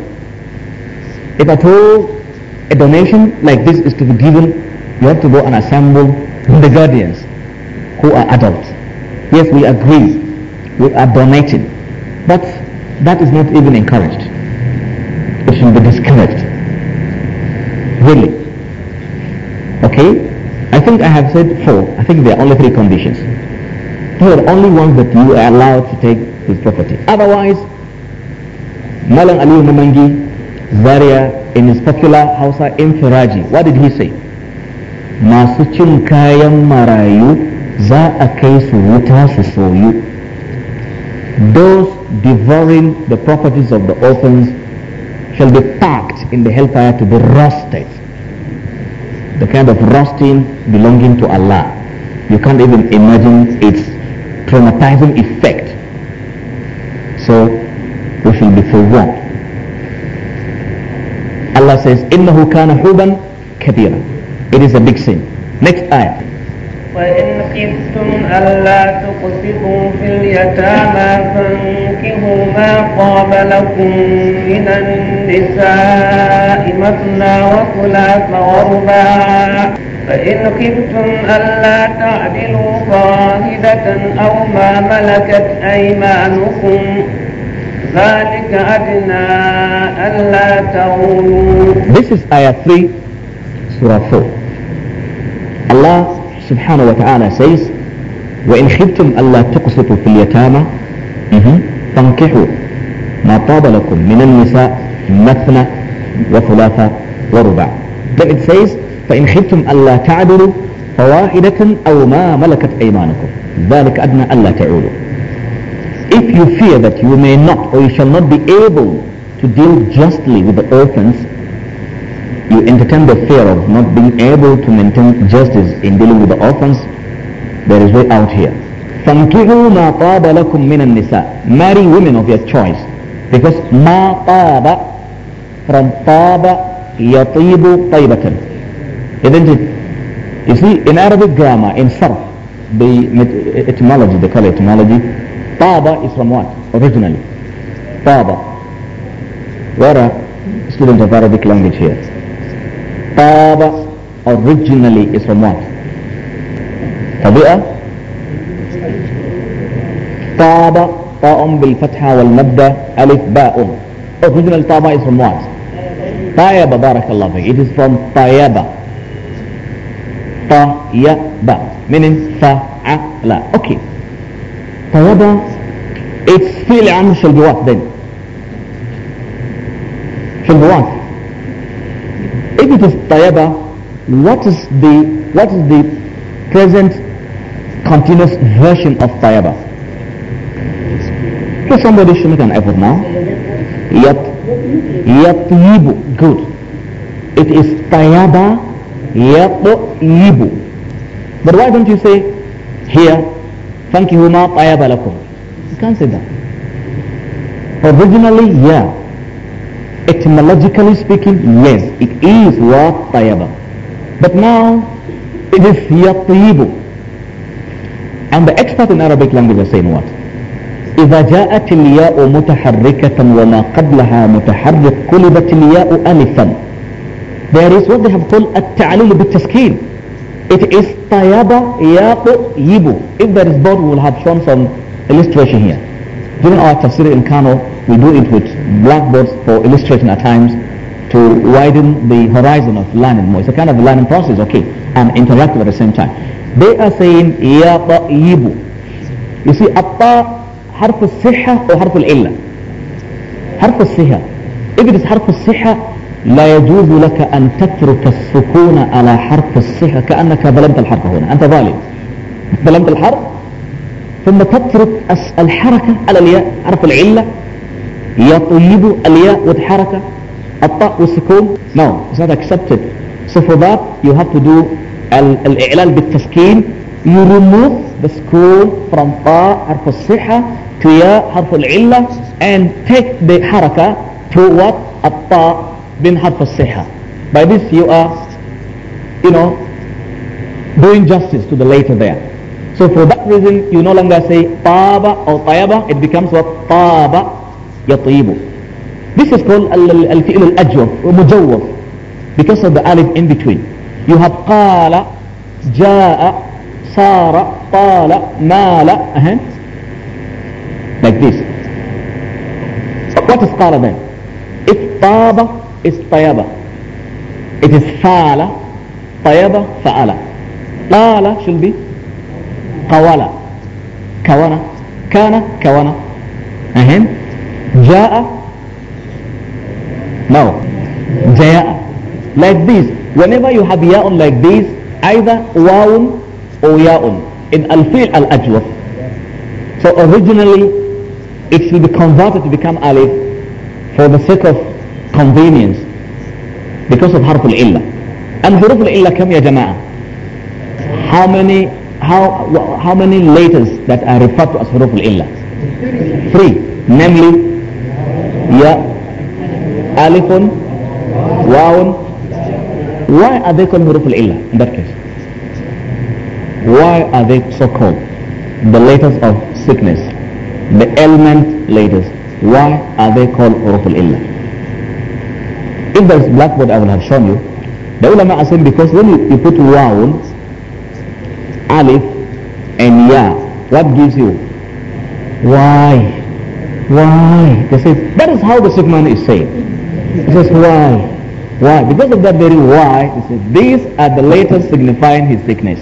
If at all a donation like this is to be given, you have to go and assemble the guardians who are adults. Yes, we agree. We are donating. But that is not even encouraged. It should be discouraged. Really. Okay? I think I have said four. I think there are only three conditions. They are only ones that you are allowed to take his property. Otherwise, Malang Ali Mumangi, Zaria, in his popular Hausa, in Faraji, what did he say? Masu cin marayu za a kai su wuta su soyu those devouring the properties of the orphans shall be packed in the hellfire to be roasted the kind of roasting belonging to Allah you can't even imagine its traumatizing effect so we shall be forewarned Allah says إِنَّهُ كَانَ huban كَبِيرًا it is a big sin next ayah وإن خفتم ألا تقسطوا في اليتامى فانكحوا ما طاب لكم من النساء مثنى وثلاث ورباع فإن خفتم ألا تعدلوا فواحدة أو ما ملكت أيمانكم ذلك أدنى ألا تغولوا This is ayah 3, surah 4. Allah سبحانه وتعالى سيس وَإِنْ خِبْتُمْ أَلَّا تُقْسِطُوا فِي الْيَتَامَى فَانْكِحُوا مَا طَابَ لَكُمْ مِنَ النِّسَاءِ مَثْنَى وثلاثة وَرُبَعَ Then سيس فَإِنْ خِبْتُمْ أَلَّا تَعْدِلُوا فَوَاحِدَةً أَوْ مَا مَلَكَتْ أَيْمَانُكُمْ ذَلِكَ أَدْنَى أَلَّا تَعُولُوا If you fear that you may not or you shall not be able to deal justly with the orphans you entertain the fear of not being able to maintain justice in dealing with the orphans, there is way out here. فَانْكِحُوا مَا طَابَ لَكُم مِّنَ النِّسَاءِ Marry women of your choice. Because مَا طَابَ from طَابَ يَطِيبُ طَيْبَةً Isn't it? You see, in Arabic grammar, in sarf, the etymology, they call etymology, طَابَ is from what? Originally. طاب Where We're a student of Arabic language here. Baba originally is from what? طبيعة طابة طاء بالفتحة والمبدة ألف باء original طابة is from what? طيبة بارك الله فيك it is from طيبة طيبة meaning فعلا okay طيبة its فعل عام shall then? shall be If it is tayaba, what is the what is the present continuous version of tayaba? So somebody should make an effort now. yet Yatyibu. Good. It is tayaba yatyibu. But why don't you say here, thank you, ma tayyaba lakum? You can't say that. Originally, yeah. etymologically speaking, yes, it is what tayaba. But now it is yatibu. And the expert in Arabic language are saying what? إذا جاءت الياء متحركة وما قبلها متحرك قلبت الياء ألفا. There is what they have called التعليل بالتسكين. It is طيبة ياء يبو. If there is both we will have shown some illustration here. During our Tafsir in Kano, we do it with blackboards for illustrating at times to widen the horizon of learning more. It's a kind of learning process, okay, and interactive at the same time. They are saying, Ya Ta'ibu. You see, Atta, harf al-siha or harf al-illa? Harf al-siha. If it is harf al-siha, لا يجوز لك أن تترك السكون على حرف الصحة كأنك ظلمت الحرف هنا أنت ظالم ظلمت الحرف ثم تترك الحركة على الياء عرف العلة يطيب الياء والحركة الطاء والسكون no it's not accepted so for that you have to do الإعلال بالتسكين you remove the school from طاء حرف الصحة to ياء حرف العلة and take the حركة to what الطاء من حرف الصحة by this you are you know doing justice to the later there So for that reason, you no longer say taba or tayaba. It becomes what? Taba يطيب. This is called al-fi'l al-ajwaf, because of the alif in between. You have قال, jaa, sara, tala, mala, uh like this. What is قال then? If taba is tayaba, it is فعل, tayaba, فعل. قال should be قوالا كوانا كان كوانا أهم جاء نو جاء like this whenever you have ياء like this either واو أو ياء in الفيل الأجوف so originally it should be converted to become alif for the sake of convenience because of حرف العلة الحروف العلة كم يا جماعة how many how, how many letters that are referred to as huruf al-illah? Three, namely, ya, alifun, waun. Why are they called huruf al-illah in that case? Why are they so called? The letters of sickness, the ailment letters. Why are they called huruf al-illah? If there is blackboard, I will have shown you. The ulama are saying because when you, you put waun, alif and ya. What gives you? Why? Why? They say, that is how the sick man is saved. He says, why? Why? Because of that very why, he says, these are the letters signifying his sickness.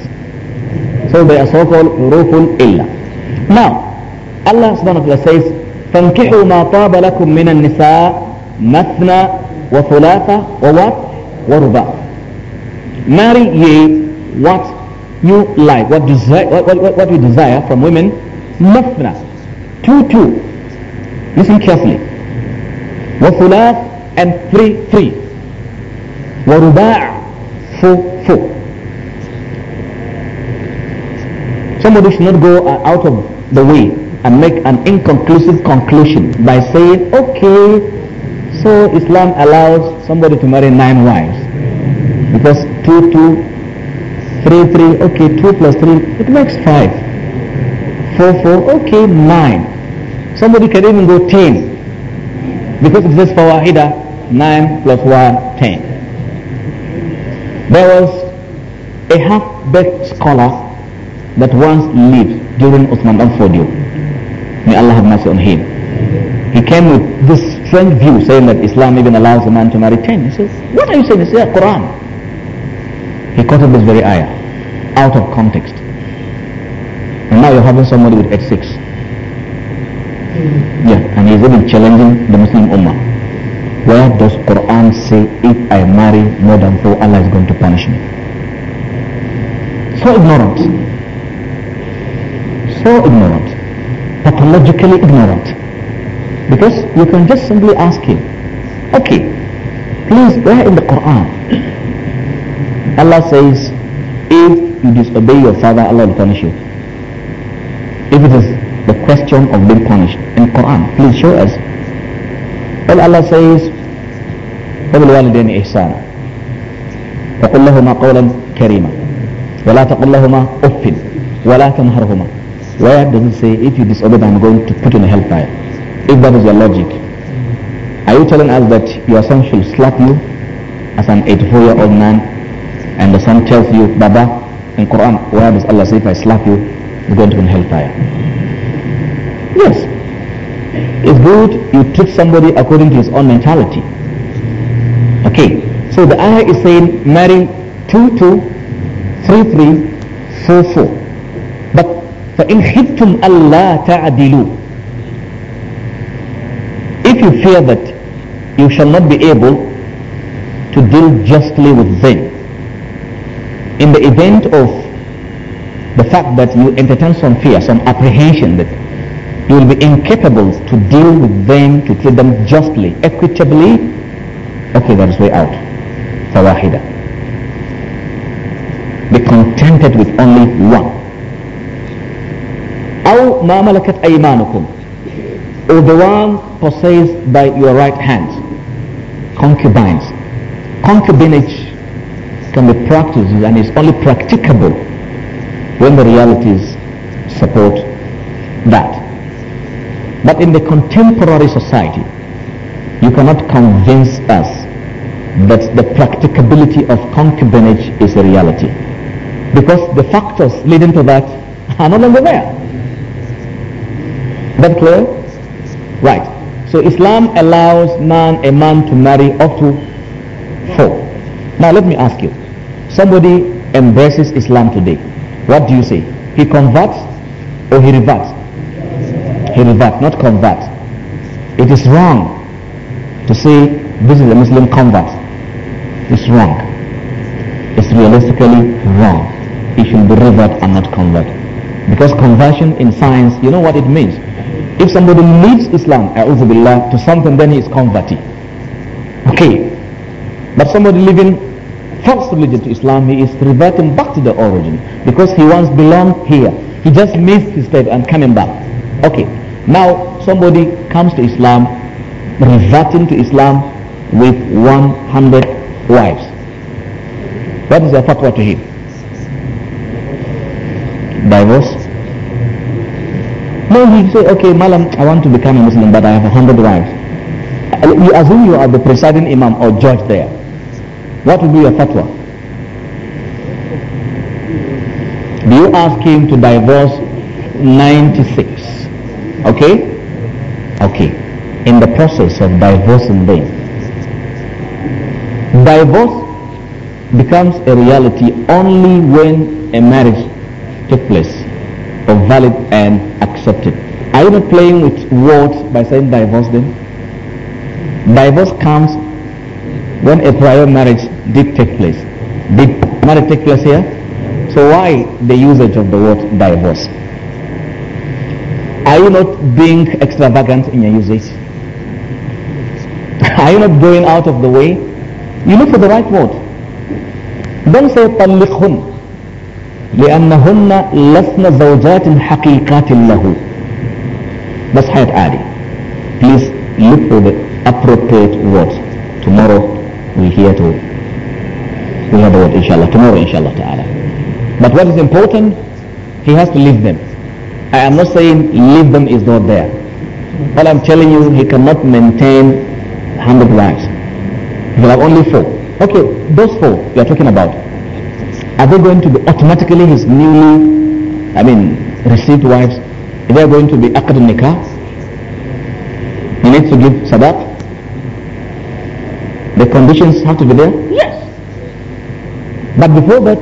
So they are so-called ruful illa. Now, Allah subhanahu wa ta'ala says, فَانْكِحُوا مَا طَابَ لَكُم مِّنَ النِّسَاءِ مَثْنَى وَثُلَاثَ وَوَاتْ وَرُبَاءَ Marry ye what you like, what, desire, what, what, what you desire from women, مثنى two two listen carefully love and three three ورباع four four somebody should not go uh, out of the way and make an inconclusive conclusion by saying okay so Islam allows somebody to marry nine wives because two two 3, 3, okay, 2 plus 3, it makes 5. 4, 4, okay, 9. Somebody can even go 10. Because it says Wahida, 9 plus 1, 10. There was a half-baked scholar that once lived during Uthman al May Allah have mercy on him. He came with this strange view saying that Islam even allows a man to marry 10. He says, what are you saying? He says, yeah, Quran. He quoted this very ayah out of context. And now you're having somebody with at 6 mm. Yeah, and he's even challenging the Muslim Ummah. Where does Quran say if I marry more than four, Allah is going to punish me? So ignorant. So ignorant. Pathologically ignorant. Because you can just simply ask him, okay, please, where in the Quran Allah says, if you disobey your father, Allah will punish you. If it is the question of being punished in Quran, please show us. Well, Allah says, وبالوالدين إحسانا وقل لهما قولا كريما ولا تقل لهما أف ولا تنهرهما Where does it say if you disobey them, I'm going to put in a hellfire? If that is your logic, are you telling us that your son should slap you as an 84 year old man and the son tells you, Baba, in Quran, where does Allah say if I slap you, you're going to be in hellfire? Yes. It's good you treat somebody according to his own mentality. Okay. So the ayah is saying marry two two, three three, four four. But فَإِنْ خِبْتُمْ أَلَّا تَعْدِلُوا If you fear that you shall not be able to deal justly with them, in the event of the fact that you entertain some fear, some apprehension that you will be incapable to deal with them, to treat them justly, equitably, okay, there is way out. Fawahida. Be contented with only one. أو ما ملكت أيمانكم or the one possessed by your right hand concubines concubinage can be practiced and is only practicable when the realities support that. But in the contemporary society, you cannot convince us that the practicability of concubinage is a reality. Because the factors leading to that are no longer there. That clear? Right. So Islam allows man a man to marry up to four. Now let me ask you. Somebody embraces Islam today. What do you say? He converts or he reverts? He reverts, not converts. It is wrong to say this is a Muslim convert. It's wrong. It's realistically wrong. It should be revert and not convert. Because conversion in science, you know what it means? If somebody leaves Islam, billah, to something, then he is converted. Okay. But somebody living false religion to Islam, he is reverting back to the origin because he once belonged here. He just missed his step and coming back. Okay, now somebody comes to Islam, reverting to Islam with 100 wives. What is the fatwa to him? Divorce? No, he say, okay, Malam, I want to become a Muslim, but I have 100 wives. You assume you are the presiding imam or judge there. What will be your fatwa? Do you ask him to divorce 96? Okay? Okay. In the process of divorcing them, divorce becomes a reality only when a marriage took place or valid and accepted. Are you not playing with words by saying divorce them? Divorce comes when a prior marriage did take place. Did marriage take place here? So why the usage of the word divorce? Are you not being extravagant in your usage? Are you not going out of the way? You look for the right word. Don't say طلقهن لأنهن لسن زوجات حقيقات له. That's Hayat Ali. Please look for the appropriate word. Tomorrow we hear to we have the word inshallah, tomorrow inshallah ta'ala. But what is important, he has to leave them. I am not saying leave them is not there. But I'm telling you, he cannot maintain 100 wives. He have only four. Okay, those four you are talking about, are they going to be automatically his newly, I mean, received wives? They Are going to be akad nikah? He needs to give sadaq. The conditions have to be there? Yes. But before that,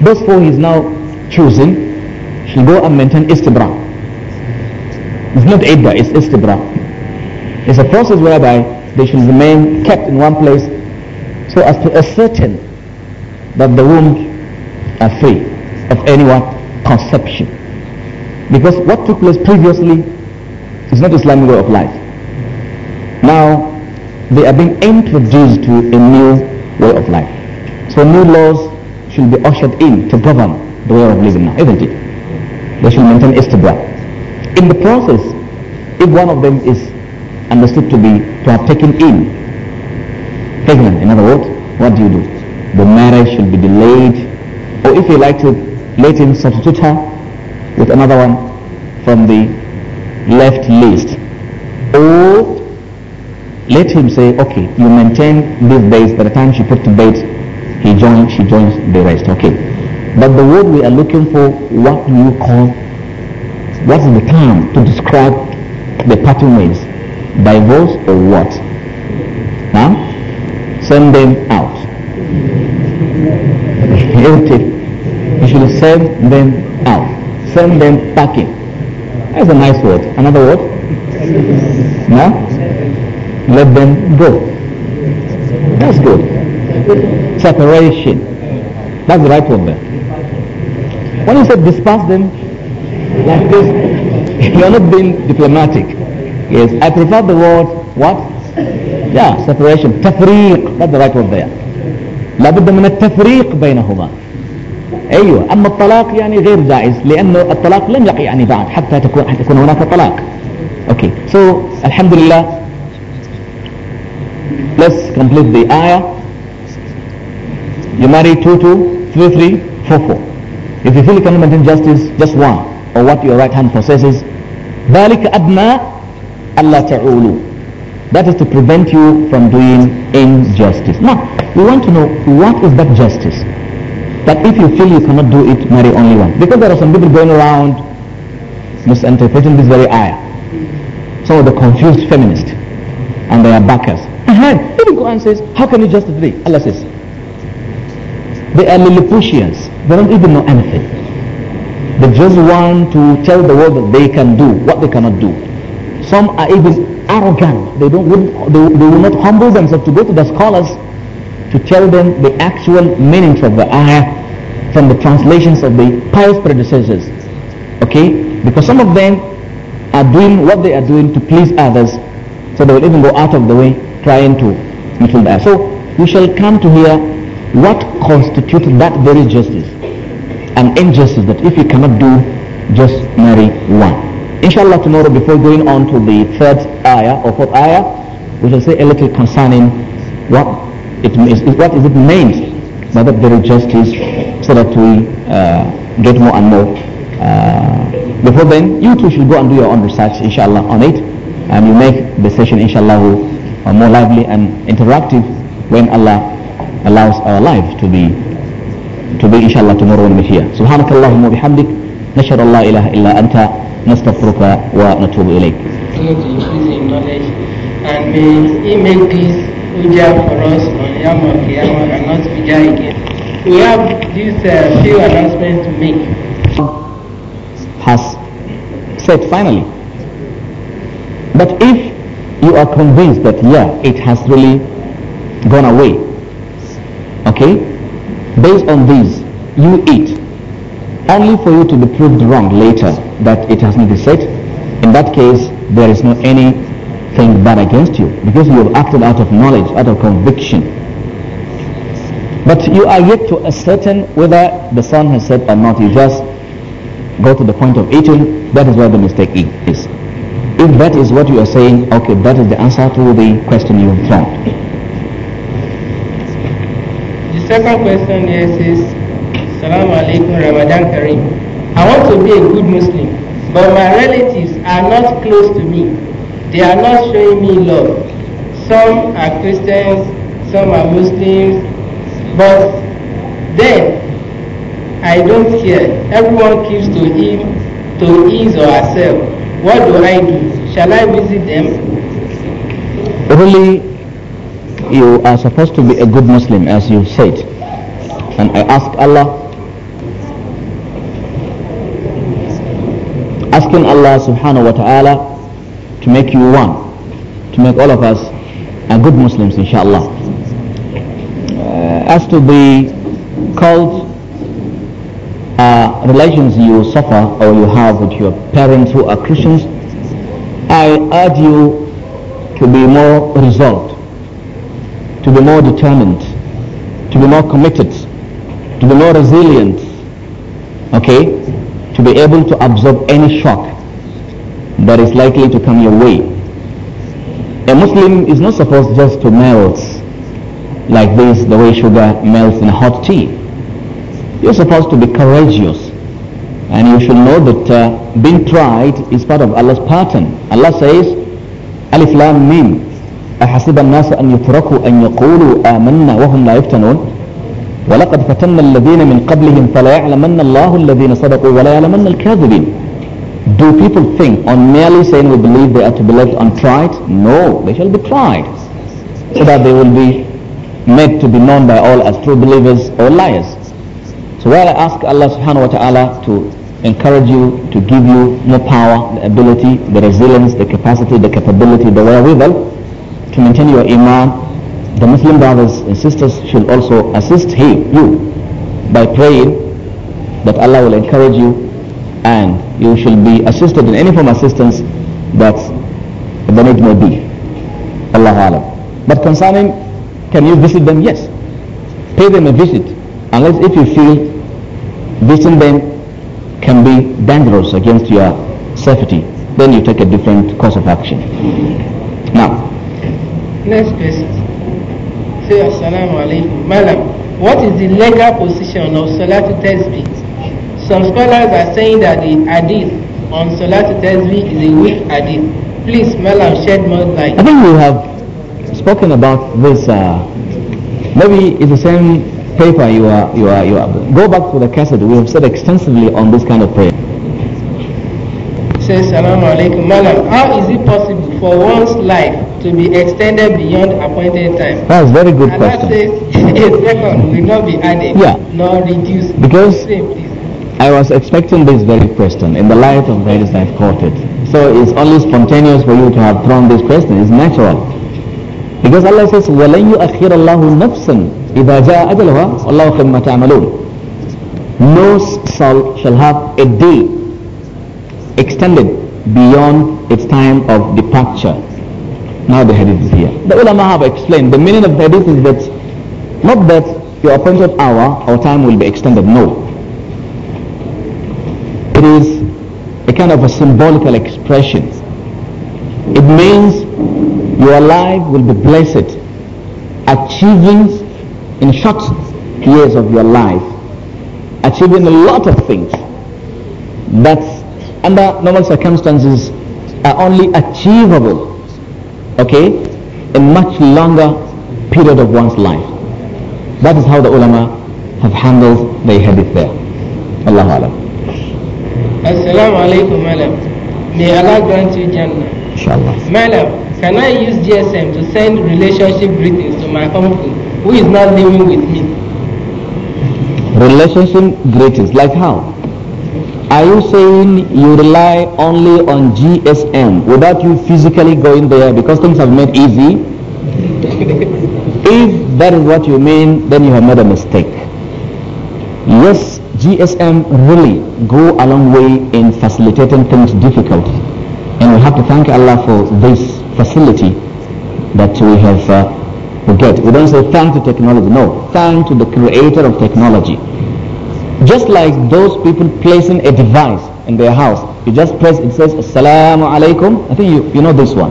those four he's now chosen should go and maintain istibra. It's not idda, it's istibra. It's a process whereby they should remain kept in one place so as to ascertain that the womb are free of any one conception. Because what took place previously is not Islamic way of life. Now they are being introduced to a new way of life. So new laws should be ushered in to govern the way of living now, isn't it? They should maintain istibra. In the process, if one of them is understood to be to have taken in, pregnant, in other words, what do you do? The marriage should be delayed, or if you like to let him substitute her with another one from the left list, or let him say, okay, you maintain these days by the time she put to bed he joins, she joins the rest. Okay. But the word we are looking for, what do you call, what's the term to describe the pattern ways? Divorce or what? Now, huh? send them out. you should send them out. Send them packing. That's a nice word. Another word? No? Let them go. That's good. separation. That's the right one there. When you said disperse them like this, you are not being diplomatic. Yes, I prefer the word what? Yeah, separation. تفريق. That's the right word there. لا بد من التفريق بينهما. أيوة أما الطلاق يعني غير جائز لأنه الطلاق لم يقع يعني بعد حتى تكون حتى يكون هناك طلاق. Okay. So الحمد لله. Let's complete the ayah. you marry two, two, three, three, four, four. If you feel you cannot maintain justice, just one or what your right hand possesses. ذلك أدنى ألا تعولوا. That is to prevent you from doing injustice. Now, we want to know what is that justice? That if you feel you cannot do it, marry only one. Because there are some people going around misinterpreting this very ayah. Some of the confused feminists and their backers. Ahead, uh-huh. people go and says, how can you justify? Allah says, they are Lilliputians. They don't even know anything. They just want to tell the world that they can do what they cannot do. Some are even arrogant. They, don't, they, they will not humble themselves to go to the scholars to tell them the actual meanings of the ayah from the translations of the pious predecessors. Okay? Because some of them are doing what they are doing to please others. So they will even go out of the way trying to fulfill the ayah. So we shall come to hear what constitutes that very justice an injustice that if you cannot do just marry one inshallah tomorrow before going on to the third ayah or fourth ayah we shall say a little concerning what it means what is it meant by that very justice so that we uh, get more and more uh, before then you too should go and do your own research inshallah on it and you make the session inshallah more lively and interactive when Allah allows our life to be to be inshallah tomorrow when we hear سبحانك اللهم وبحمدك نشهد الله إله إلا أنت نستغفرك ونتوب إليك and may he make this puja for us on Yom Kiyama and not puja again. We have these uh, few announcements to make. Has said finally. But if you are convinced that yeah, it has really gone away, Okay? Based on these, you eat. Only for you to be proved wrong later that it has not been said. In that case, there is no anything bad against you because you have acted out of knowledge, out of conviction. But you are yet to ascertain whether the sun has set or not. You just go to the point of eating. That is where the mistake is. If that is what you are saying, okay, that is the answer to the question you've thrown second question here says, Salaam alaikum Ramadan Kareem. I want to be a good Muslim, but my relatives are not close to me. They are not showing me love. Some are Christians, some are Muslims, but then I don't care. Everyone keeps to him, to his or herself. What do I do? Shall I visit them? Really, you are supposed to be a good Muslim, as you said. And I ask Allah, asking Allah subhanahu wa ta'ala to make you one, to make all of us a good Muslims, inshallah. Uh, as to the cult uh, relations you suffer or you have with your parents who are Christians, I urge you to be more resolved to be more determined, to be more committed, to be more resilient, okay, to be able to absorb any shock that is likely to come your way. A Muslim is not supposed just to melt like this, the way sugar melts in hot tea. You're supposed to be courageous. And you should know that uh, being tried is part of Allah's pattern. Allah says, Alif Lam Mim, أحسب الناس أن يتركوا أن يقولوا آمنا وهم لا يفتنون ولقد فتنا الذين من قبلهم فلا يعلمن الله الذين صدقوا ولا يعلمن الكاذبين Do people think on merely saying we believe they are to be left untried? No, they shall be tried so that they will be made to be known by all as true believers or liars. So while I ask Allah subhanahu wa ta'ala to encourage you, to give you more power, the ability, the resilience, the capacity, the capability, the wherewithal, to maintain your iman, the Muslim brothers and sisters should also assist him, you, by praying that Allah will encourage you and you should be assisted in any form of assistance that the need may be. Allah Alam. But concerning, can you visit them? Yes. Pay them a visit. Unless if you feel visiting them can be dangerous against your safety, then you take a different course of action. Now, next person say assalamu alaikum madam what is the legal position of salatu tasbih some scholars are saying that the hadith on salatu tasbih is a weak hadith please madam shed more light i think we have spoken about this uh, maybe it's the same paper you are you are you are go back to the cassette we have said extensively on this kind of prayer says, alaikum. Malam, how is it possible for one's life to be extended beyond appointed time? That's very good question. says, a second will not be added yeah. nor reduced. Because Same, I was expecting this very question. In the light of this, I've caught it. So it's only spontaneous for you to have thrown this question. It's natural. Because Allah says, وَلَنْ يُؤَخِّرَ اللَّهُ نَفْسًا إِذَا جَاءَ أَجَلُهَا وَاللَّهُ خِمَّ تَعْمَلُونَ No soul shall have a day extended beyond its time of departure. Now the hadith is here. The ulama have explained the meaning of the hadith is that not that your appointed hour or time will be extended. No. It is a kind of a symbolical expression. It means your life will be blessed, achieving in short years of your life, achieving a lot of things That's under normal circumstances are only achievable, okay, in much longer period of one's life. That is how the ulama have handled the hadith there. Allah Alam. Assalamu alaikum, Malam. May Allah grant you Jannah. Inshallah. Malam, can I use GSM to send relationship greetings to my uncle who is not living with me? Relationship greetings, like how? Are you saying you rely only on GSM without you physically going there because things have made easy? if that is what you mean, then you have made a mistake. Yes, GSM really go a long way in facilitating things difficult. And we have to thank Allah for this facility that we have uh, we get. We don't say thank to technology. No, thank to the creator of technology. Just like those people placing a device in their house. You just press, it says, Assalamu alaikum. I think you, you know this one.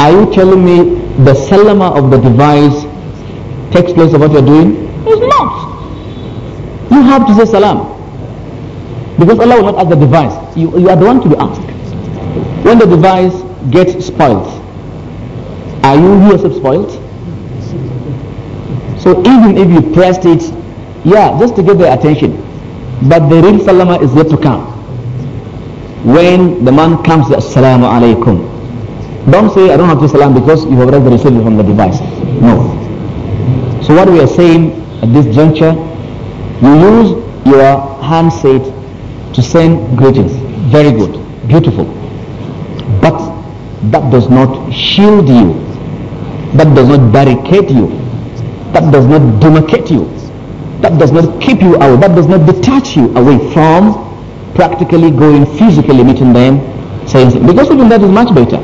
Are you telling me the salama of the device takes place of what you're doing? It's not. You have to say salam. Because Allah will not ask the device. You, you are the one to be asked. When the device gets spoiled, are you yourself spoiled? So even if you pressed it, yeah, just to get their attention, but the real salama is yet to come. When the man comes, Assalamu alaikum. Don't say, I don't have to salam because you have already received it from the device. No. So what we are saying at this juncture, you use your handset to send greetings. Very good. Beautiful. But that does not shield you. That does not barricade you. That does not demarcate you that does not keep you away. That does not detach you away from practically going physically meeting them, saying because even that is much better,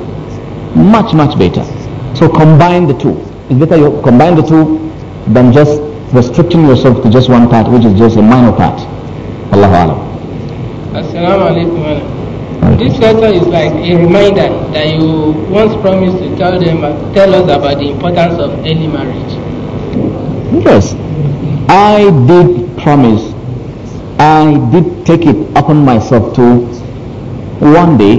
much much better. So combine the two. It's better you combine the two than just restricting yourself to just one part, which is just a minor part. Allah Alam. Assalamu alaikum. This letter is like a reminder that you once promised to tell them, tell us about the importance of early marriage. Yes, I did promise, I did take it upon myself to one day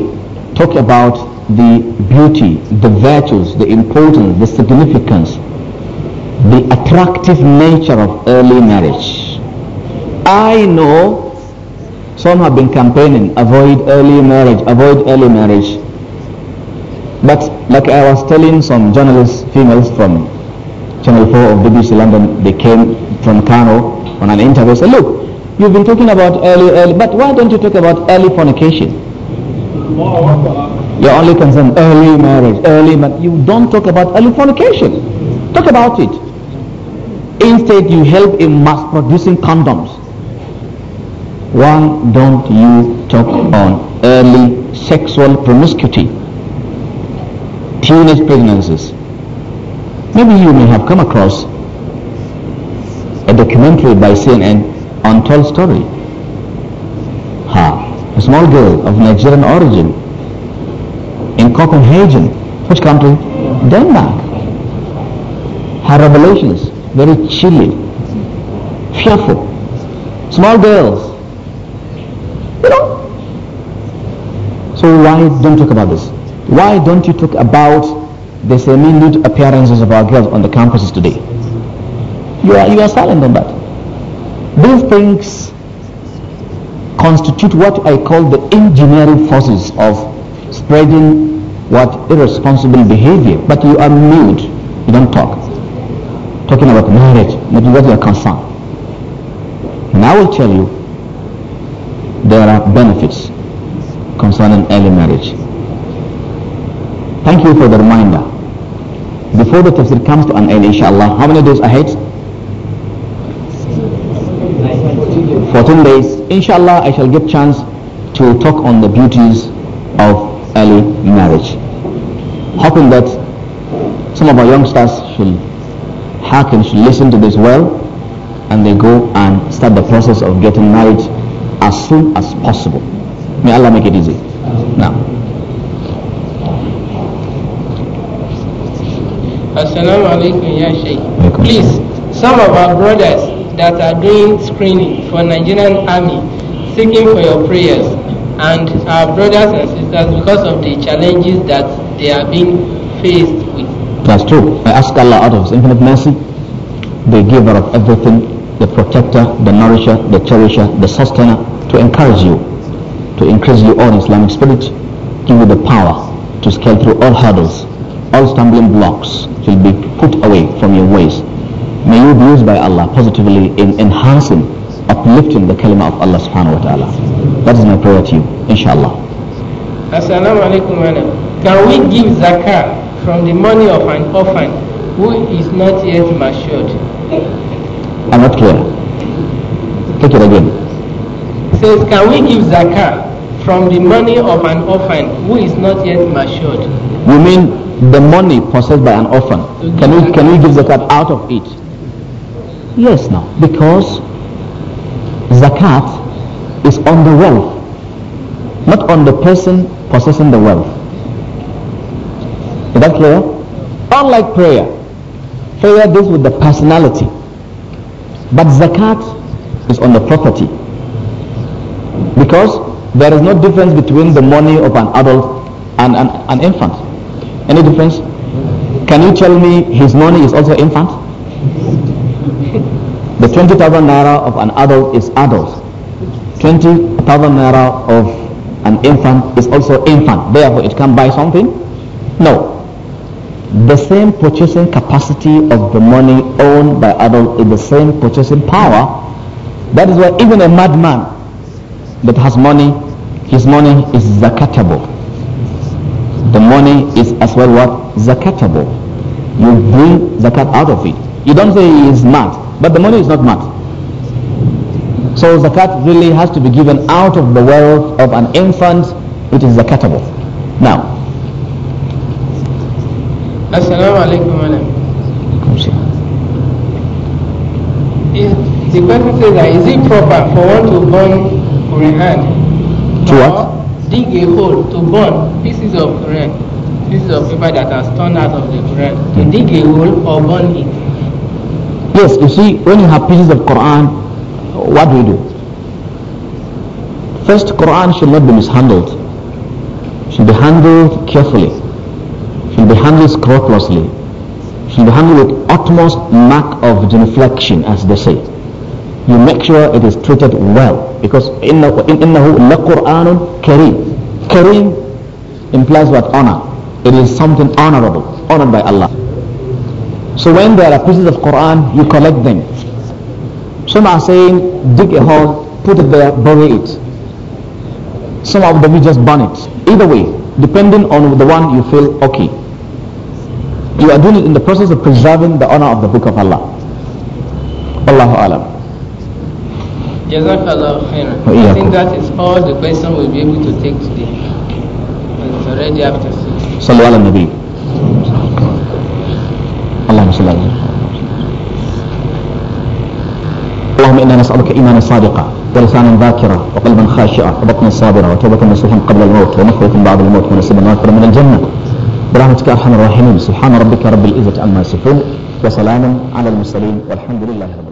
talk about the beauty, the virtues, the importance, the significance, the attractive nature of early marriage. I know some have been campaigning, avoid early marriage, avoid early marriage. But like I was telling some journalists, females from Channel 4 of BBC London, they came from Kano on an interview said, look, you've been talking about early, early, but why don't you talk about early fornication? You're only concerned early marriage, early, but you don't talk about early fornication. Talk about it. Instead, you help in mass producing condoms. Why don't you talk on early sexual promiscuity, teenage pregnancies? Maybe you may have come across a documentary by CNN Untold Story. Ha, a small girl of Nigerian origin in Copenhagen, which country? Denmark. Her revelations, very chilly, fearful. Small girls. You know? So why don't talk about this? Why don't you talk about the semi-nude appearances of our girls on the campuses today? you are, you are silent on that. These things constitute what I call the engineering forces of spreading what irresponsible behavior. But you are mute. You don't talk. Talking about marriage, not what you are concerned. And I will tell you there are benefits concerning early marriage. Thank you for the reminder. Before the tafsir comes to an end, inshallah, how many days ahead? inshallah I shall get chance to talk on the beauties of early marriage hoping that some of our youngsters should hack and should listen to this well and they go and start the process of getting married as soon as possible may Allah make it easy now Assalamu alaikum ya Sheikh. Please, some of our brothers that are doing screening for Nigerian Army, seeking for your prayers and our brothers and sisters because of the challenges that they are being faced with. That's true. I ask Allah out of His infinite mercy, the giver of everything, the protector, the nourisher, the cherisher, the sustainer, to encourage you, to increase your all Islamic spirit, give you the power to scale through all hurdles, all stumbling blocks will be put away from your ways may you be used by Allah positively in enhancing, uplifting the kalima of Allah subhanahu wa ta'ala. That is my prayer to you, inshallah. Assalamu alaikum Can we give zakah from the money of an orphan who is not yet matured? I'm not clear. Take it again. says, can we give zakah from the money of an orphan who is not yet matured? You mean the money possessed by an orphan? Can we, can we give zakat out of it? Yes, now, because zakat is on the wealth, not on the person possessing the wealth. Is that clear? Unlike prayer, prayer deals with the personality, but zakat is on the property. Because there is no difference between the money of an adult and an, an infant. Any difference? Can you tell me his money is also infant? The 20,000 naira of an adult is adult. 20,000 naira of an infant is also infant. Therefore, it can buy something? No. The same purchasing capacity of the money owned by adult is the same purchasing power. That is why even a madman that has money, his money is zakatable. The money is as well what? Zakatable. You bring zakat out of it. You don't say he is mad but the money is not much. So zakat really has to be given out of the wealth of an infant. It is zakatable. Now. Assalamu alaikum The question says that is it proper for one to burn Quran? To what? Dig a hole to burn pieces of Quran, pieces of paper that are torn out of the Quran. To hmm. dig a hole or burn it. Yes, you see, when you have pieces of Quran, what do you do? First, Quran should not be mishandled. Should be handled carefully. Should be handled scrupulously. Should be handled with utmost mark of genuflection, as they say. You make sure it is treated well because إنه لقرآن كريم. Kareem implies what honor. It is something honorable, honored by Allah. So when there are pieces of Quran, you collect them. Some are saying dig a hole, put it there, bury it. Some of them you just burn it. Either way, depending on the one you feel okay. You are doing it in the process of preserving the honor of the Book of Allah. Allahu Alam. Jazakallah khairan. I think that is all the question we'll be able to take today. It's already after six. Sallallahu Alaihi Wasallam. اللهم صل على محمد اللهم إنا نسألك إيمانا صادقا ولسانا ذاكرا وقلبا خاشعا وبطنا صابرا وتوبة نصوحا قبل الموت ومخوة بعد الموت ونصيبا واكرا من الجنة برحمتك أرحم الراحمين سبحان ربك رب العزة عما يصفون وسلام على المرسلين والحمد لله رب